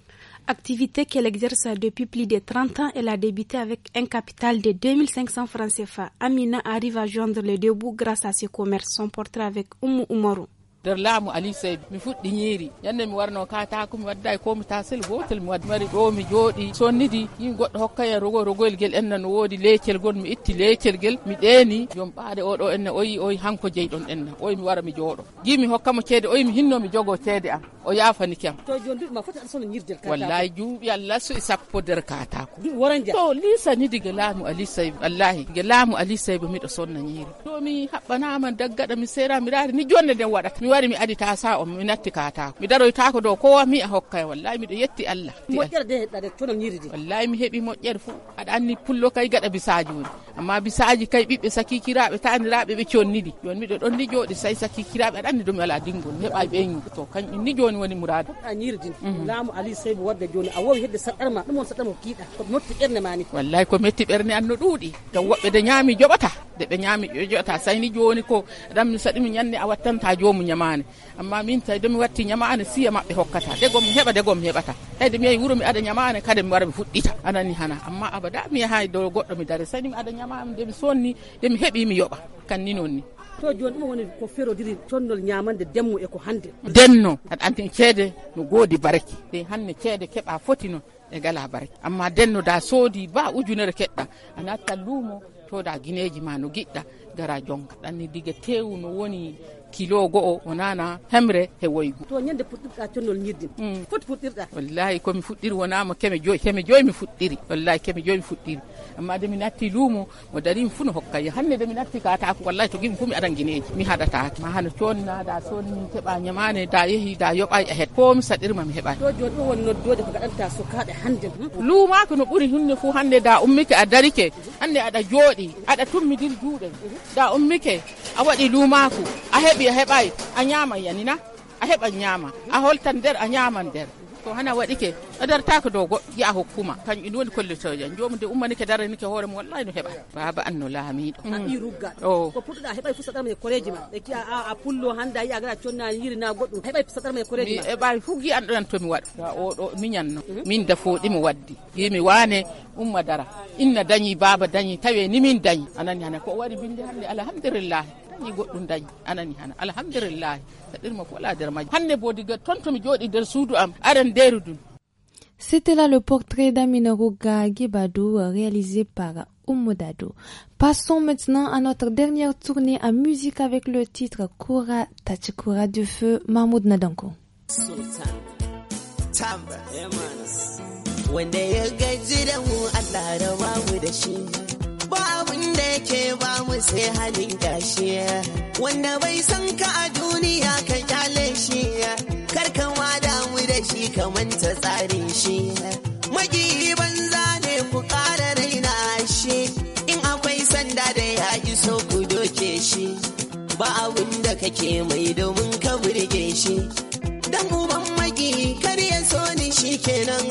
[SPEAKER 2] activité qu'elle exerce depuis plus de 30 ans, elle a débuté avec un capital de 2500 francs CFA. Amina arrive à joindre
[SPEAKER 12] le deux grâce à ses commerces. Son portrait avec Oumu Oumarou. nder laamu aliou seydi mi fuɗɗi ñiiri ñande mi warno katako mi wadda ko mi tasel gotel mi waddmari ɗo mi jooɗi sonnidi yim goɗɗo hokka e rogo rogoyel guel enna no woodi leecel gon mi itti leecel guel mi ɗeeni joom ɓaade oɗo enna oyi oyi hanko jeyɗon enna oyi mi wara mi jooɗo gimi hokkamo ceede oyi mi hinno mi jogo ceede am o yafaniki am to joni foti aɗa sona ñirde wallayi juuɓi allah so e sappo nder kataku waranja to lisanidi ge laamu aliou seydi wallahi ge laamu aliou seydi miɗo sonna ñiiri to mi haɓɓanama daggaɗa mi seera mi raari ni jonde nden waɗata wari mi adi ta adita sa'o mi natti katako mi daroytako dow kowa mi a hokkay wallahi miɗo yetti allah moƴƴere wallahi mi heeɓi moƴƴere fo aɗa anni pullo kay gaɗa bisaji woni amma bisaji kay ɓiɓɓe sakikiraɓe taniraɓe ɓe conniɗi joni miɗo ɗon ni jooɗi sayi sakikiraɓe aɗa anni ɗum e ala dinngol heɓa ɓeygu to kañum ni joni woni mourada mhm. laamu ali seybo wadde joni a wowi hedde saɗɗarma ɗum on saɗɗarma ko kiiɗa ko metti ɓernde ma wallahi ko metti ɓernde anno ɗuuɗi gam woɓɓe de ñaami joɓata de ɓe ñaami ɓe joɗata sayni joni ko ɗam so ɗum ñande a wattanta jomum ñamani amma min tawi domi watti ñamani siya mabɓe hokkata degom heɓa degom heɓata eyde mi yehi wuuro mi aɗa ñamani kadi mi wara mi fuɗɗita anani hana amma abada mi yahay dow goɗɗo mi daari sayni mi aɗa ñamami ndemi sonni ndemi heeɓi mi yoɓa kanni noon ni to joni ɗum woni ko ferodiri connol ñamande demmu e ko hande denno aɗa antin e ceede no goodi baraki e hande ceede keɓa foti noon e gala baraki amma denno da soodi ba ujunere keɓɗa a luumo to da gineji ma no giɗɗa gara jonka ɗanni diga tewu no woni kilo go'o o nana hemre he woygu to ñande puɗɗirɗa connol ñirdin mm. foti fuɗɗirɗa wallahi komi fuɗɗiri wonama keme joyi keme joyi mi fuɗɗiri wallahi keme joyi mi fuɗɗiri amma de mi natti luumo mo darimi fuu no hokkay hande de mi natti katako wallahi to gimi fuu mi aɗan guineji mi haɗatake ma hano conna da sonni mi ñamane da yeehi da yoɓay a e heɗ ko mi saɗirma mi heɓani to joni ɗo woni noddoje ko gaɗanta sukaɓe hande luumaka no ɓuuri hunde fuu hande da ummike a darike hande aɗa jooɗi aɗa tummidir juuɗe da ummike a waɗi lumaku a heɓi a heɓay a ñama yanina a heɓa ñama a holtan nder a ñaman nder ko hana waɗi ke adar taka dow goɗɗo yiya ko kuma kañum ɗum woni kollitoje e jomum ke ummanike daranike hoore mum wallahi no heɓa baba anno laamiɗo haɓi mm. rugga o ko puɗɗoɗa heɓay fusaɗarma e koreji ma ɓe kiya a pullo hannde a yiya gara connani yirina goɗɗum heɓay fusaɗarma e koreji ma eɓawi fof giyan ɗonan tomi waɗa oɗo miñanno mhm. min dafoɗimi waddi yimi waane umma dara inna dañi baba dañi tawe ni min dañi anani hana ko waɗi binde hannde alhamdulillahi
[SPEAKER 1] C'était là le portrait d'Aminaruga Gebadou réalisé par Umodado. Passons maintenant à notre dernière tournée en musique avec le titre Kura Tachikura du feu Mahmoud Nadanko.
[SPEAKER 15] wanda yake ba mu sai halin gashi wanda bai san ka a duniya ka kyale shi wada mu da shi ka manta tsarin shi magi banza ne ku ƙara raina shi in akwai sanda da ya iso ku doke shi ba abin da kake mai domin ka burge shi dan uban magi kar ya so ni shi kenan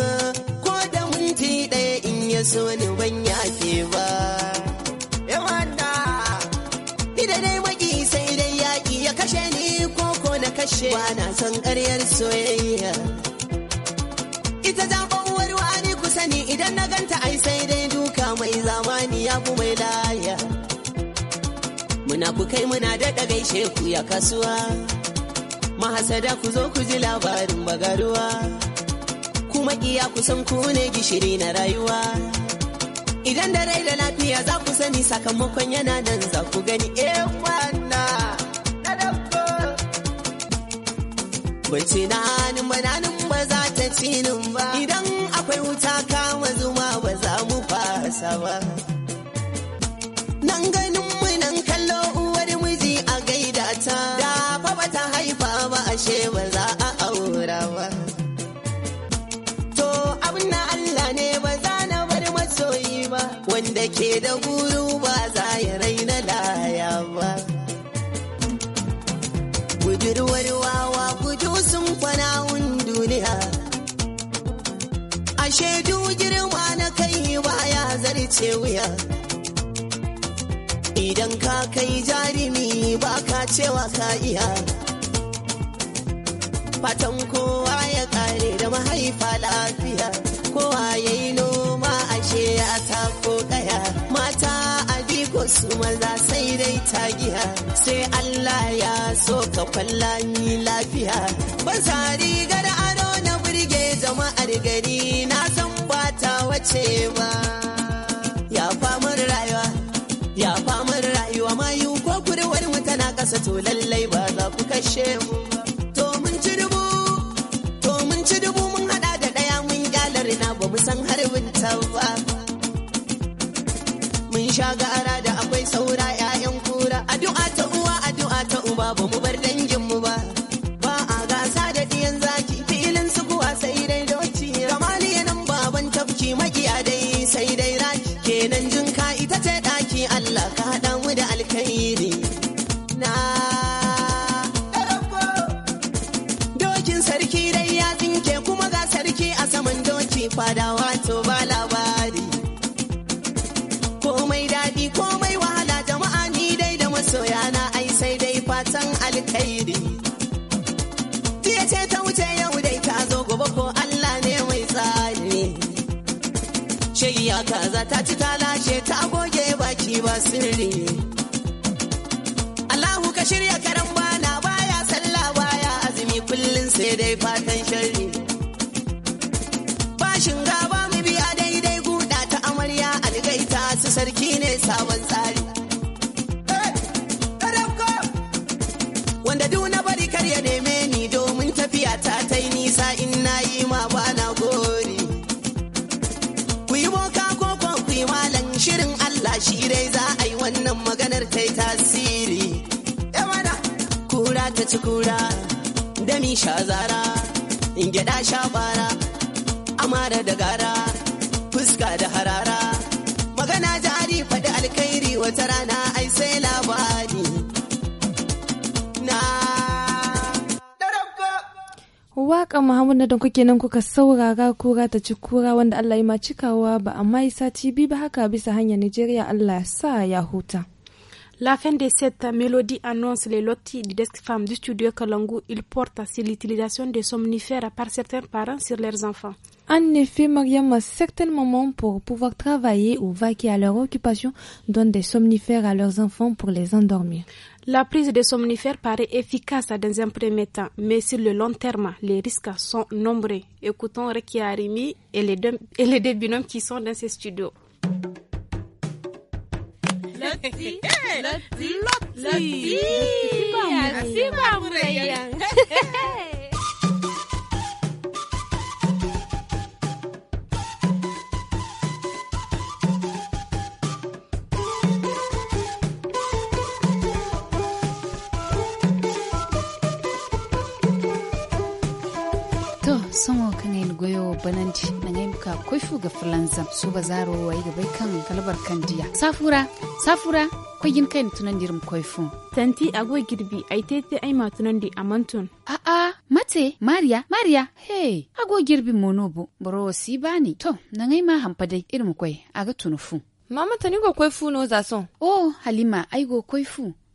[SPEAKER 15] ko da mun minti ɗaya in ya so ni ban yafe ba. dai maki sai dai yaƙi ya kashe ni koko na kashe na son ƙaryar soyayya ita zaɓa uwar wani kusa ni idan na ganta ai sai dai duka mai zamani ya fi mai laya muna kai muna daɗa gaishe ku ya kasuwa mahasada ku zo ku ji labarin bagaruwa kuma iya kusan ku ne gishiri na rayuwa Idan da rai da lafiya za ku sani sakamakon yana nan za ku gani eh kwana. Bace na hannun ba ba za ta cinin ba. da guru ba za ya raina laya ba. Budurwar wawa gudu sun kwana duniya. A shaidu girma na kai ya zarce wuya. Idan ka kai jarumi ba ka cewa ka iya. Fatan kowa ya kare da mahaifa lafiya, kowa ya yi noma ashe ya tako. Su maza sai dai ta giya. sai Allah ya so ka falla ni lafiya ban sa rigar ado na burge jama'ar gari na san bata wace ba ya famar rayuwa ya famar rayuwa mayu ko kurwar mu tana kasa to lallai ba za ku kashe mu to mun ci dubu to mun ci dubu mun hada da daya mun galar na ba mu san harbin ta ba mun sha gara saura 'ya'yan kura addu'a ta uwa addu'a ta uba ba mu bar dangi ya kaza ta ci ta lashe ta goge baki ba sirri ne. Allahu ka shirya karan bana baya sallah baya azumi kullum sai dai fatan sharri. Bashin gaba mu biya daidai guda ta amarya algaita su sarki ne sabon tsari. shi dai za a yi wannan maganar ta yi tasiri yamana kura ta ci kura dami sha zara in gyada sha bara amara da gara fuska da harara magana jari faɗi alkhairi wata rana ai sai labari
[SPEAKER 1] La fin de
[SPEAKER 2] cette mélodie annonce les lotis des femmes du studio Kalangu. Il porte sur l'utilisation des somnifères par certains parents sur leurs enfants.
[SPEAKER 1] En effet, Mariam, certains moments pour pouvoir travailler ou vaquer à leur occupation donnent des somnifères à leurs enfants pour les endormir.
[SPEAKER 2] La prise de somnifères paraît efficace dans un premier temps, mais sur le long terme, les risques sont nombreux. Écoutons Rekia Arimi et les deux, binômes qui sont dans ses studios.
[SPEAKER 16] na gonandi nangayimka koifuga fulanzam suba zaro waiga bai kan kalabar kan diya safura safura koyin kain tunandirim kwaifu. tanti agoi girbi ai tete ai ma tunan amantun a a mate mariya mariya hey agoi girbi bu. boro si bani to nangai ma hampa dai irin koi aga tunufu mama tani go koifu no son. oh halima ai go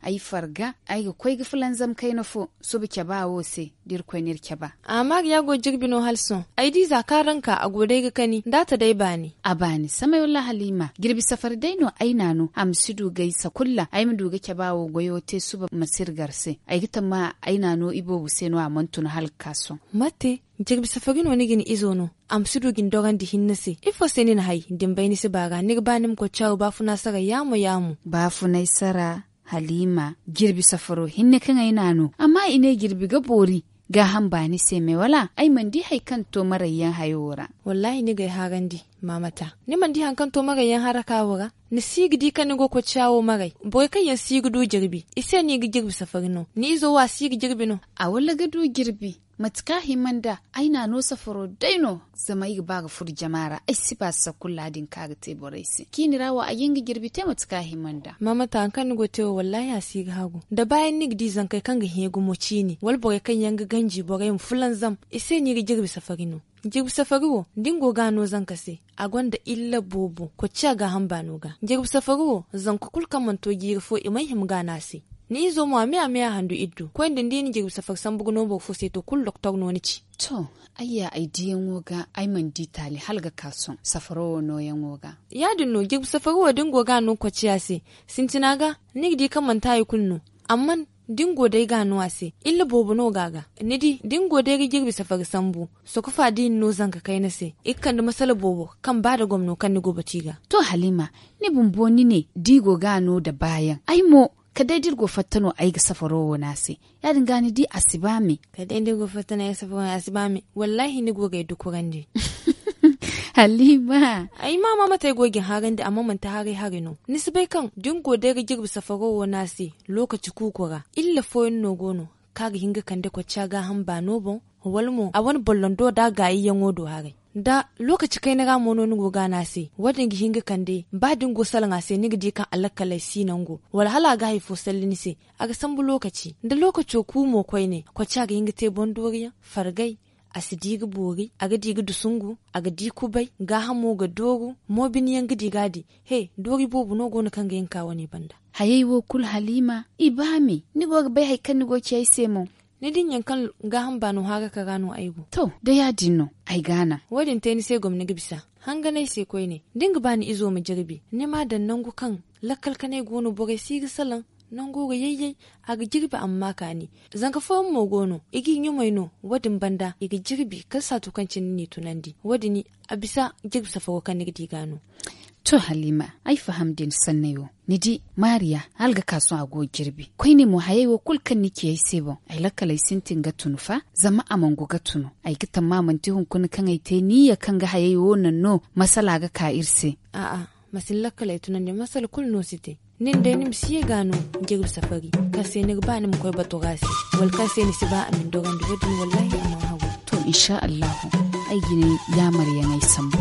[SPEAKER 16] ai farga ai ga kwai ga fulan zam kai na fo su bi ba wo se dir koi nir ba amma
[SPEAKER 1] ya go jirbi no halson ai di zakaran ka a gode ga kani ta dai bani a bani
[SPEAKER 16] sama yolla halima girbi safar dai no ai nano am sidu dugai sakulla ai mu duga ba wo goyo te su ba masir garse ai gita ma ai nano ibo no a mantun halkason
[SPEAKER 1] mate jirbi safagin wani gini izo no sudu gin dogan di hinnasi ifo senin hay dimbayni si baga ba banim ko chaw na saka yamu yamu
[SPEAKER 16] bafunai sara halima girbi safaro hinne kan ai nano amma ine girbi ga bori ga ni sai mai
[SPEAKER 1] wala ai mandi hai kan to marayyan hayora wallahi ni ga hagandi mamata ni mandi han kan to marayyan haraka wora ni sigidi kan ni go ko chawo marai boy kan yan sigdu girbi ise ni ga girbi safarino ni zo wa sigi girbi no a wala ga do girbi matka
[SPEAKER 16] himanda aina no safaro daino zama yi ga furu jamara ai si ba sa kulladin kaga
[SPEAKER 1] te isi. kini rawa a yin girbi te matuka himanda mama ta kan gote te wallahi a si hagu da bayan ni di zan kai kan ga hegu moci ni wal boga kan ga ganji boga yin fulan zam ise ni ga girbi safarino jirbi din dingo gano zan kase a gwanda illa bobo ko ci ga hamba noga jirbi wo zan ku kulkan manto girfo imai him gana si ni zo mo ame ame handu iddu ko en ndi ni jegu safak sambugo no bo fose to kul doktor no ci to
[SPEAKER 16] ayya ai diyan woga ai man di tali halga kason safaro no yan
[SPEAKER 1] woga yadin no jegu safaro wa dingo ga no ko ciyasi sintina ga ni di kan man tayi kunno amman dingo dai ase illa bobo no gaga nidi dingo dai ga girbi safar sambu so ku di no zanka kai na se ikkan da masala bobo kan bada gwamno kan ni gobatiga to halima ni bumbo ni ne digo gano da bayan ai mo kadai
[SPEAKER 16] dirgo fattano aiga safaro se. yadin gani di asibame
[SPEAKER 1] kadai dirgo fattano aiga safaro asibame wallahi ni goga yadda kurandi
[SPEAKER 16] Halima.
[SPEAKER 1] Ai ma mama ta gogin harin da amma man ta hari hare no. bai kan dingo gode ga girbi safaro se. lokaci kukura illa foyin nogono kaga hinga kan da kwacca ga han ba nobon walmo a wani bollon do da ga yi yango do hare. da lokaci kai na gamo no ngo gana se wadin gi hinga kande ba din go salan ase ni gidi kan alaka lai si nan go hala ga haifo salin se aga sambu lokaci da lokaci ku mo koi ne ko cha ga hinga te bondoriya fargai asidigi bori aga digi dusungu aga di kubai ga hamo ga dogo mobin yan gidi gadi he dori bu no na kan ga ka wani banda hayai wo kul halima ibami ni go bai kan ni go se semo ni din yankan ga hamba no haga ka gano aibu to da ya dinno ai gana wadin te ni sai gwamna gibisa hanga nai sai koi ne dinga bani izo mu jirbi ni ma dan nan gukan lakkal kanai gono bogai sigi salan nan goga yayye a ga jirbi amma ka ni ka fa mu gono igi nyu mai no wadin banda igi jirbi kan sa tukancin ni tunandi wadini a bisa safa ko kan ni gano
[SPEAKER 16] To Halima, ai faham din sannayo. di Mariya, alga kasu a go girbi. Kwai ne mu wa kulkan nike yai sebo. Ai lakalai sintin ga tunufa, zama a mango ga tunu. Ai gita maman kun kan ai te ya kan ga hayewo nan no, masala ga ka irse.
[SPEAKER 1] A'a, masin lakalai tunan ne masala kul no site. nin da ni siye gano jirb safari Ka sai ni ba ni mu koi gasi wal ka sai ni si ba amin dogan da wallahi amma hawo to insha Allah
[SPEAKER 16] ai gine ya marya ngai sambo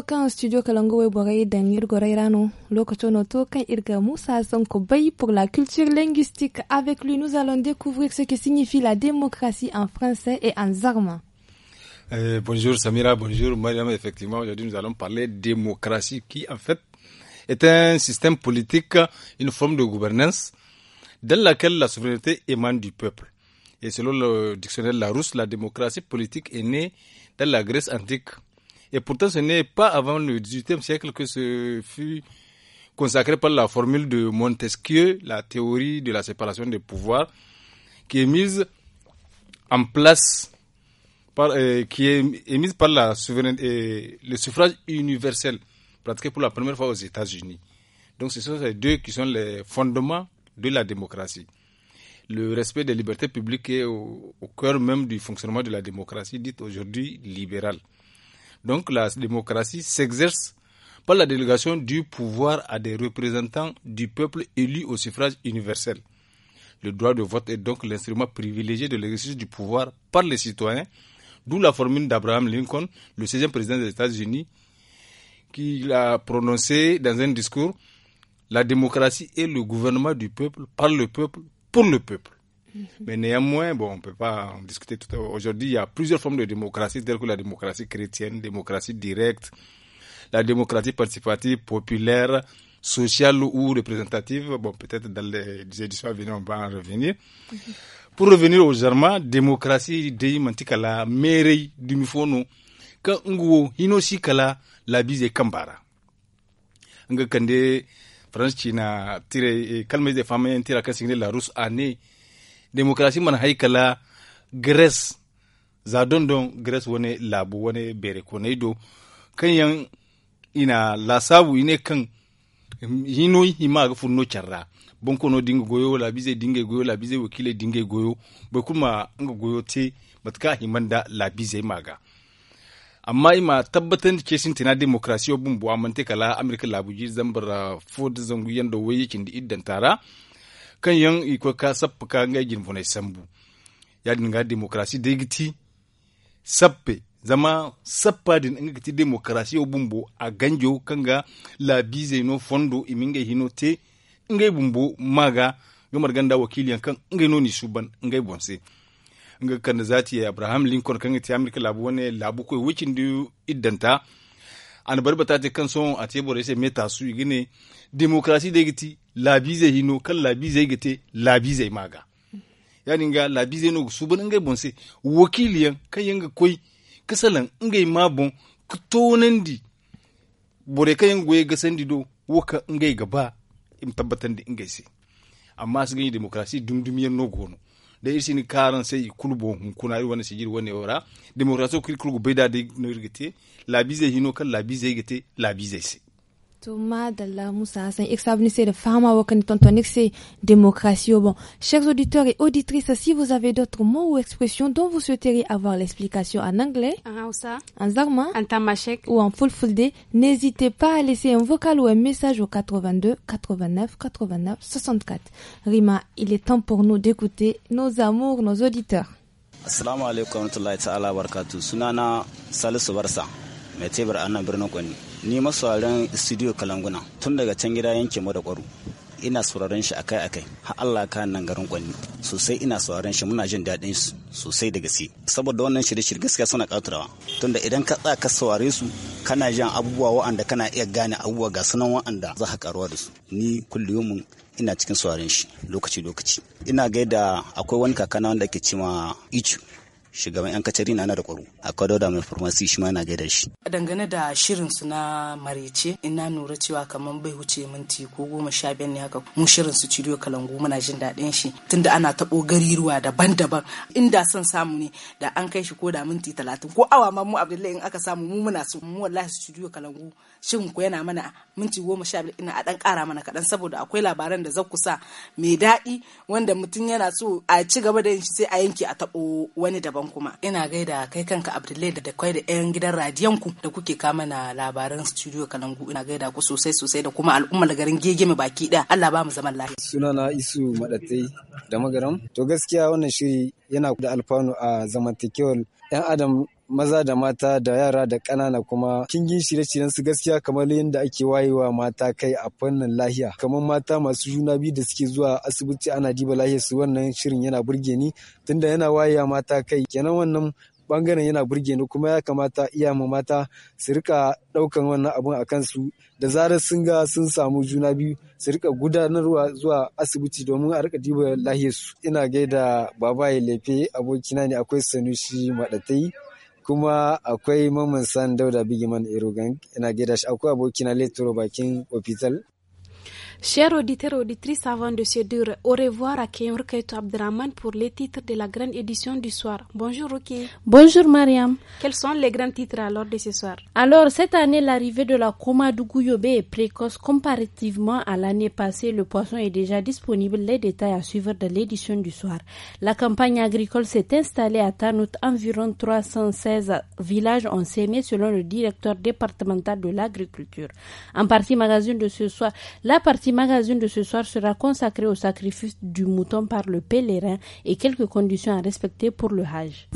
[SPEAKER 1] to studio kalango we boray dan yirgo rayrano no irga musa sonko pour la culture linguistique avec lui nous allons découvrir ce que signifie la démocratie en français et en zarma
[SPEAKER 8] euh, bonjour Samira, bonjour Mariam. Effectivement, aujourd'hui nous allons parler démocratie qui en fait est un système politique, une forme de gouvernance dans laquelle la souveraineté émane du peuple. Et selon le dictionnaire Larousse, la démocratie politique est née dans la Grèce antique et pourtant, ce n'est pas avant le XVIIIe siècle que ce fut consacré par la formule de Montesquieu, la théorie de la séparation des pouvoirs, qui est mise en place par, euh, qui est mise par la euh, le suffrage universel pratiqué pour la première fois aux États-Unis. Donc ce sont ces deux qui sont les fondements de la démocratie. Le respect des libertés publiques est au cœur même du fonctionnement de la démocratie dite aujourd'hui libérale. Donc la démocratie s'exerce par la délégation du pouvoir à des représentants du peuple élus au suffrage universel. Le droit de vote est donc l'instrument privilégié de l'exercice du pouvoir par les citoyens, d'où la formule d'Abraham Lincoln, le 16e président des États-Unis, qui a prononcé dans un discours La démocratie est le gouvernement du peuple, par le peuple, pour le peuple. Mhm. Mais néanmoins, bon, on ne peut pas en discuter tout Aujourd'hui, il y a plusieurs formes de démocratie, telles que la démocratie chrétienne, démocratie directe, la démocratie participative, populaire, sociale ou représentative. Bon, peut-être dans les éditions à venir, on va en revenir. Mhm. Pour revenir au Germain, démocratie la mairie du Mifono, que nguo hinoshi kala la bise kambara. Nga kande, France, China, tire, calmer eh, des femmes, tire la Russe année, demokrasi man haikala gres za dondon gres wani labu wani bere ko do kan yan ina lasabu ine kan hino yi ma ga funo charra bon kono dinga goyo la bize dinga goyo la bize wakile dinga goyo ba kuma nga goyo te batka himanda la bize maga amma ima tabbatar da kesin tana demokrasiyo bumbu amante kala amurka labuji zambar ford zangu yanda wayi kin da iddan tara kan yan iko ka sappa ka ngai gin funai sambu ya dinga demokrasi da giti sappe zama sappa din nga giti demokrasi o bumbo a ganjo kanga la bize no fondo iminga hino te ngai bumbo maga gamar ganda wakiliyan kan ngai no ni suban ngai bonse nga kan zati Abraham Lincoln kan ti America labu ne labu ko wicin du iddanta an barbata te kan son a tebore sai meta su gine demokrasi da giti labi zai hino kan labi zai gite labi zai maga yani nga labi zai no su bun ngai bonse wakiliyan kan yanga koi kasalan ngai bon kutonan di bore yanga goye ga sandi do waka ngai gaba in tabbatan di ngai se amma su gani demokrasi dumdumiyan no gono da irsi ni karan sai kulbo kuna yi wani sigir wani ora demokrasi kul bai da de no te labi zai hino kan labi zai gite labi zai se
[SPEAKER 1] to Moussa démocratie bon chers auditeurs et auditrices si vous avez d'autres mots ou expressions dont vous souhaiteriez avoir l'explication en anglais en Hausa en Zarma en Tamashek ou en Fulfulde n'hésitez pas à laisser un vocal ou un message au 82 89 89 64 Rima il est temps pour nous d'écouter nos amours nos auditeurs
[SPEAKER 5] Assalamu alaikum wa rahmatullahi wa barakatuh sunana Salisu Barsa ni masauran studio kalanguna tun daga can gida yanke mu da kwaro ina sauraron shi akai akai har Allah ka nan garin kwanni sosai ina sauraron shi muna jin daɗin su sosai da gaske saboda wannan shirye shirye gaskiya suna katurawa tunda idan ka tsaka ka su kana jan abubuwa wa'anda kana iya gane abubuwa ga sunan wa'anda za ka karuwa da su ni kullumin ina cikin sauraron shi lokaci lokaci ina gaida akwai wani kakana wanda ake cewa ichu shugaban yan kacari na da kwaro kwado da mai farmasi shi ma na gaida shi
[SPEAKER 12] dangane da shirin su na marece ina nura cewa kamar bai wuce minti ko goma sha biyar ne haka mu shirin su cidiyo kalangu muna jin daɗin shi tunda ana taɓo gariruwa daban-daban inda son samu ne da an kai shi ko da minti talatin ko awa ma mu abdullahi in aka samu mu muna so mu wallahi studio kalangu shin ku yana mana minti goma sha biyar ina a dan ƙara mana kaɗan saboda akwai labaran da za ku sa mai daɗi wanda mutum yana so a ci gaba da yin shi sai a yanke a taɓo wani daban kuma ina gaida kai kanka abdullahi da kai da yan gidan radiyon ku da kuke kama na labaran studio kalangu ina gaida ku sosai sosai da kuma al'ummar garin gegeme baki da Allah ba mu zaman lafiya
[SPEAKER 8] sunana isu madatai da magaram to gaskiya wannan shiri yana da alfanu a zamantakewar yan adam maza da mata da yara da ƙanana kuma Kin kingin shirye-shiryen su gaskiya kamar yadda ake wayewa mata kai a fannin lahiya kamar mata masu juna biyu da suke zuwa asibiti ana diba lahiyar su wannan shirin yana burge ni tunda yana wayewa mata kai kenan wannan bangaren yana burge ni kuma ya kamata iya ma mata su rika daukan wannan abun a kansu da zarar sun ga sun samu juna biyu su rika gudanarwa zuwa asibiti domin a rika diba su. ina gaida babaye lefe abokina ne akwai sanushi maɗatai. kuma akwai mamansan san dauda bigiman irugan ina gida shi akwai abokina letro bakin ofital
[SPEAKER 2] Chers auditeurs et auditrices, avant de se dire au revoir à Rukaito Abdraman pour les titres de la grande édition du soir. Bonjour Ruki. Bonjour Mariam. Quels sont les grands titres alors de ce soir Alors, cette année, l'arrivée de la Koma Duguyobe est précoce comparativement à l'année passée. Le poisson est déjà disponible. Les détails à suivre de l'édition du soir. La campagne agricole s'est installée à Tanout. Environ 316 villages ont sémé selon le directeur départemental de l'agriculture. En partie magazine de ce soir, la partie le magazine de ce soir sera consacré au sacrifice du mouton par le pèlerin et quelques conditions à respecter pour le Hajj.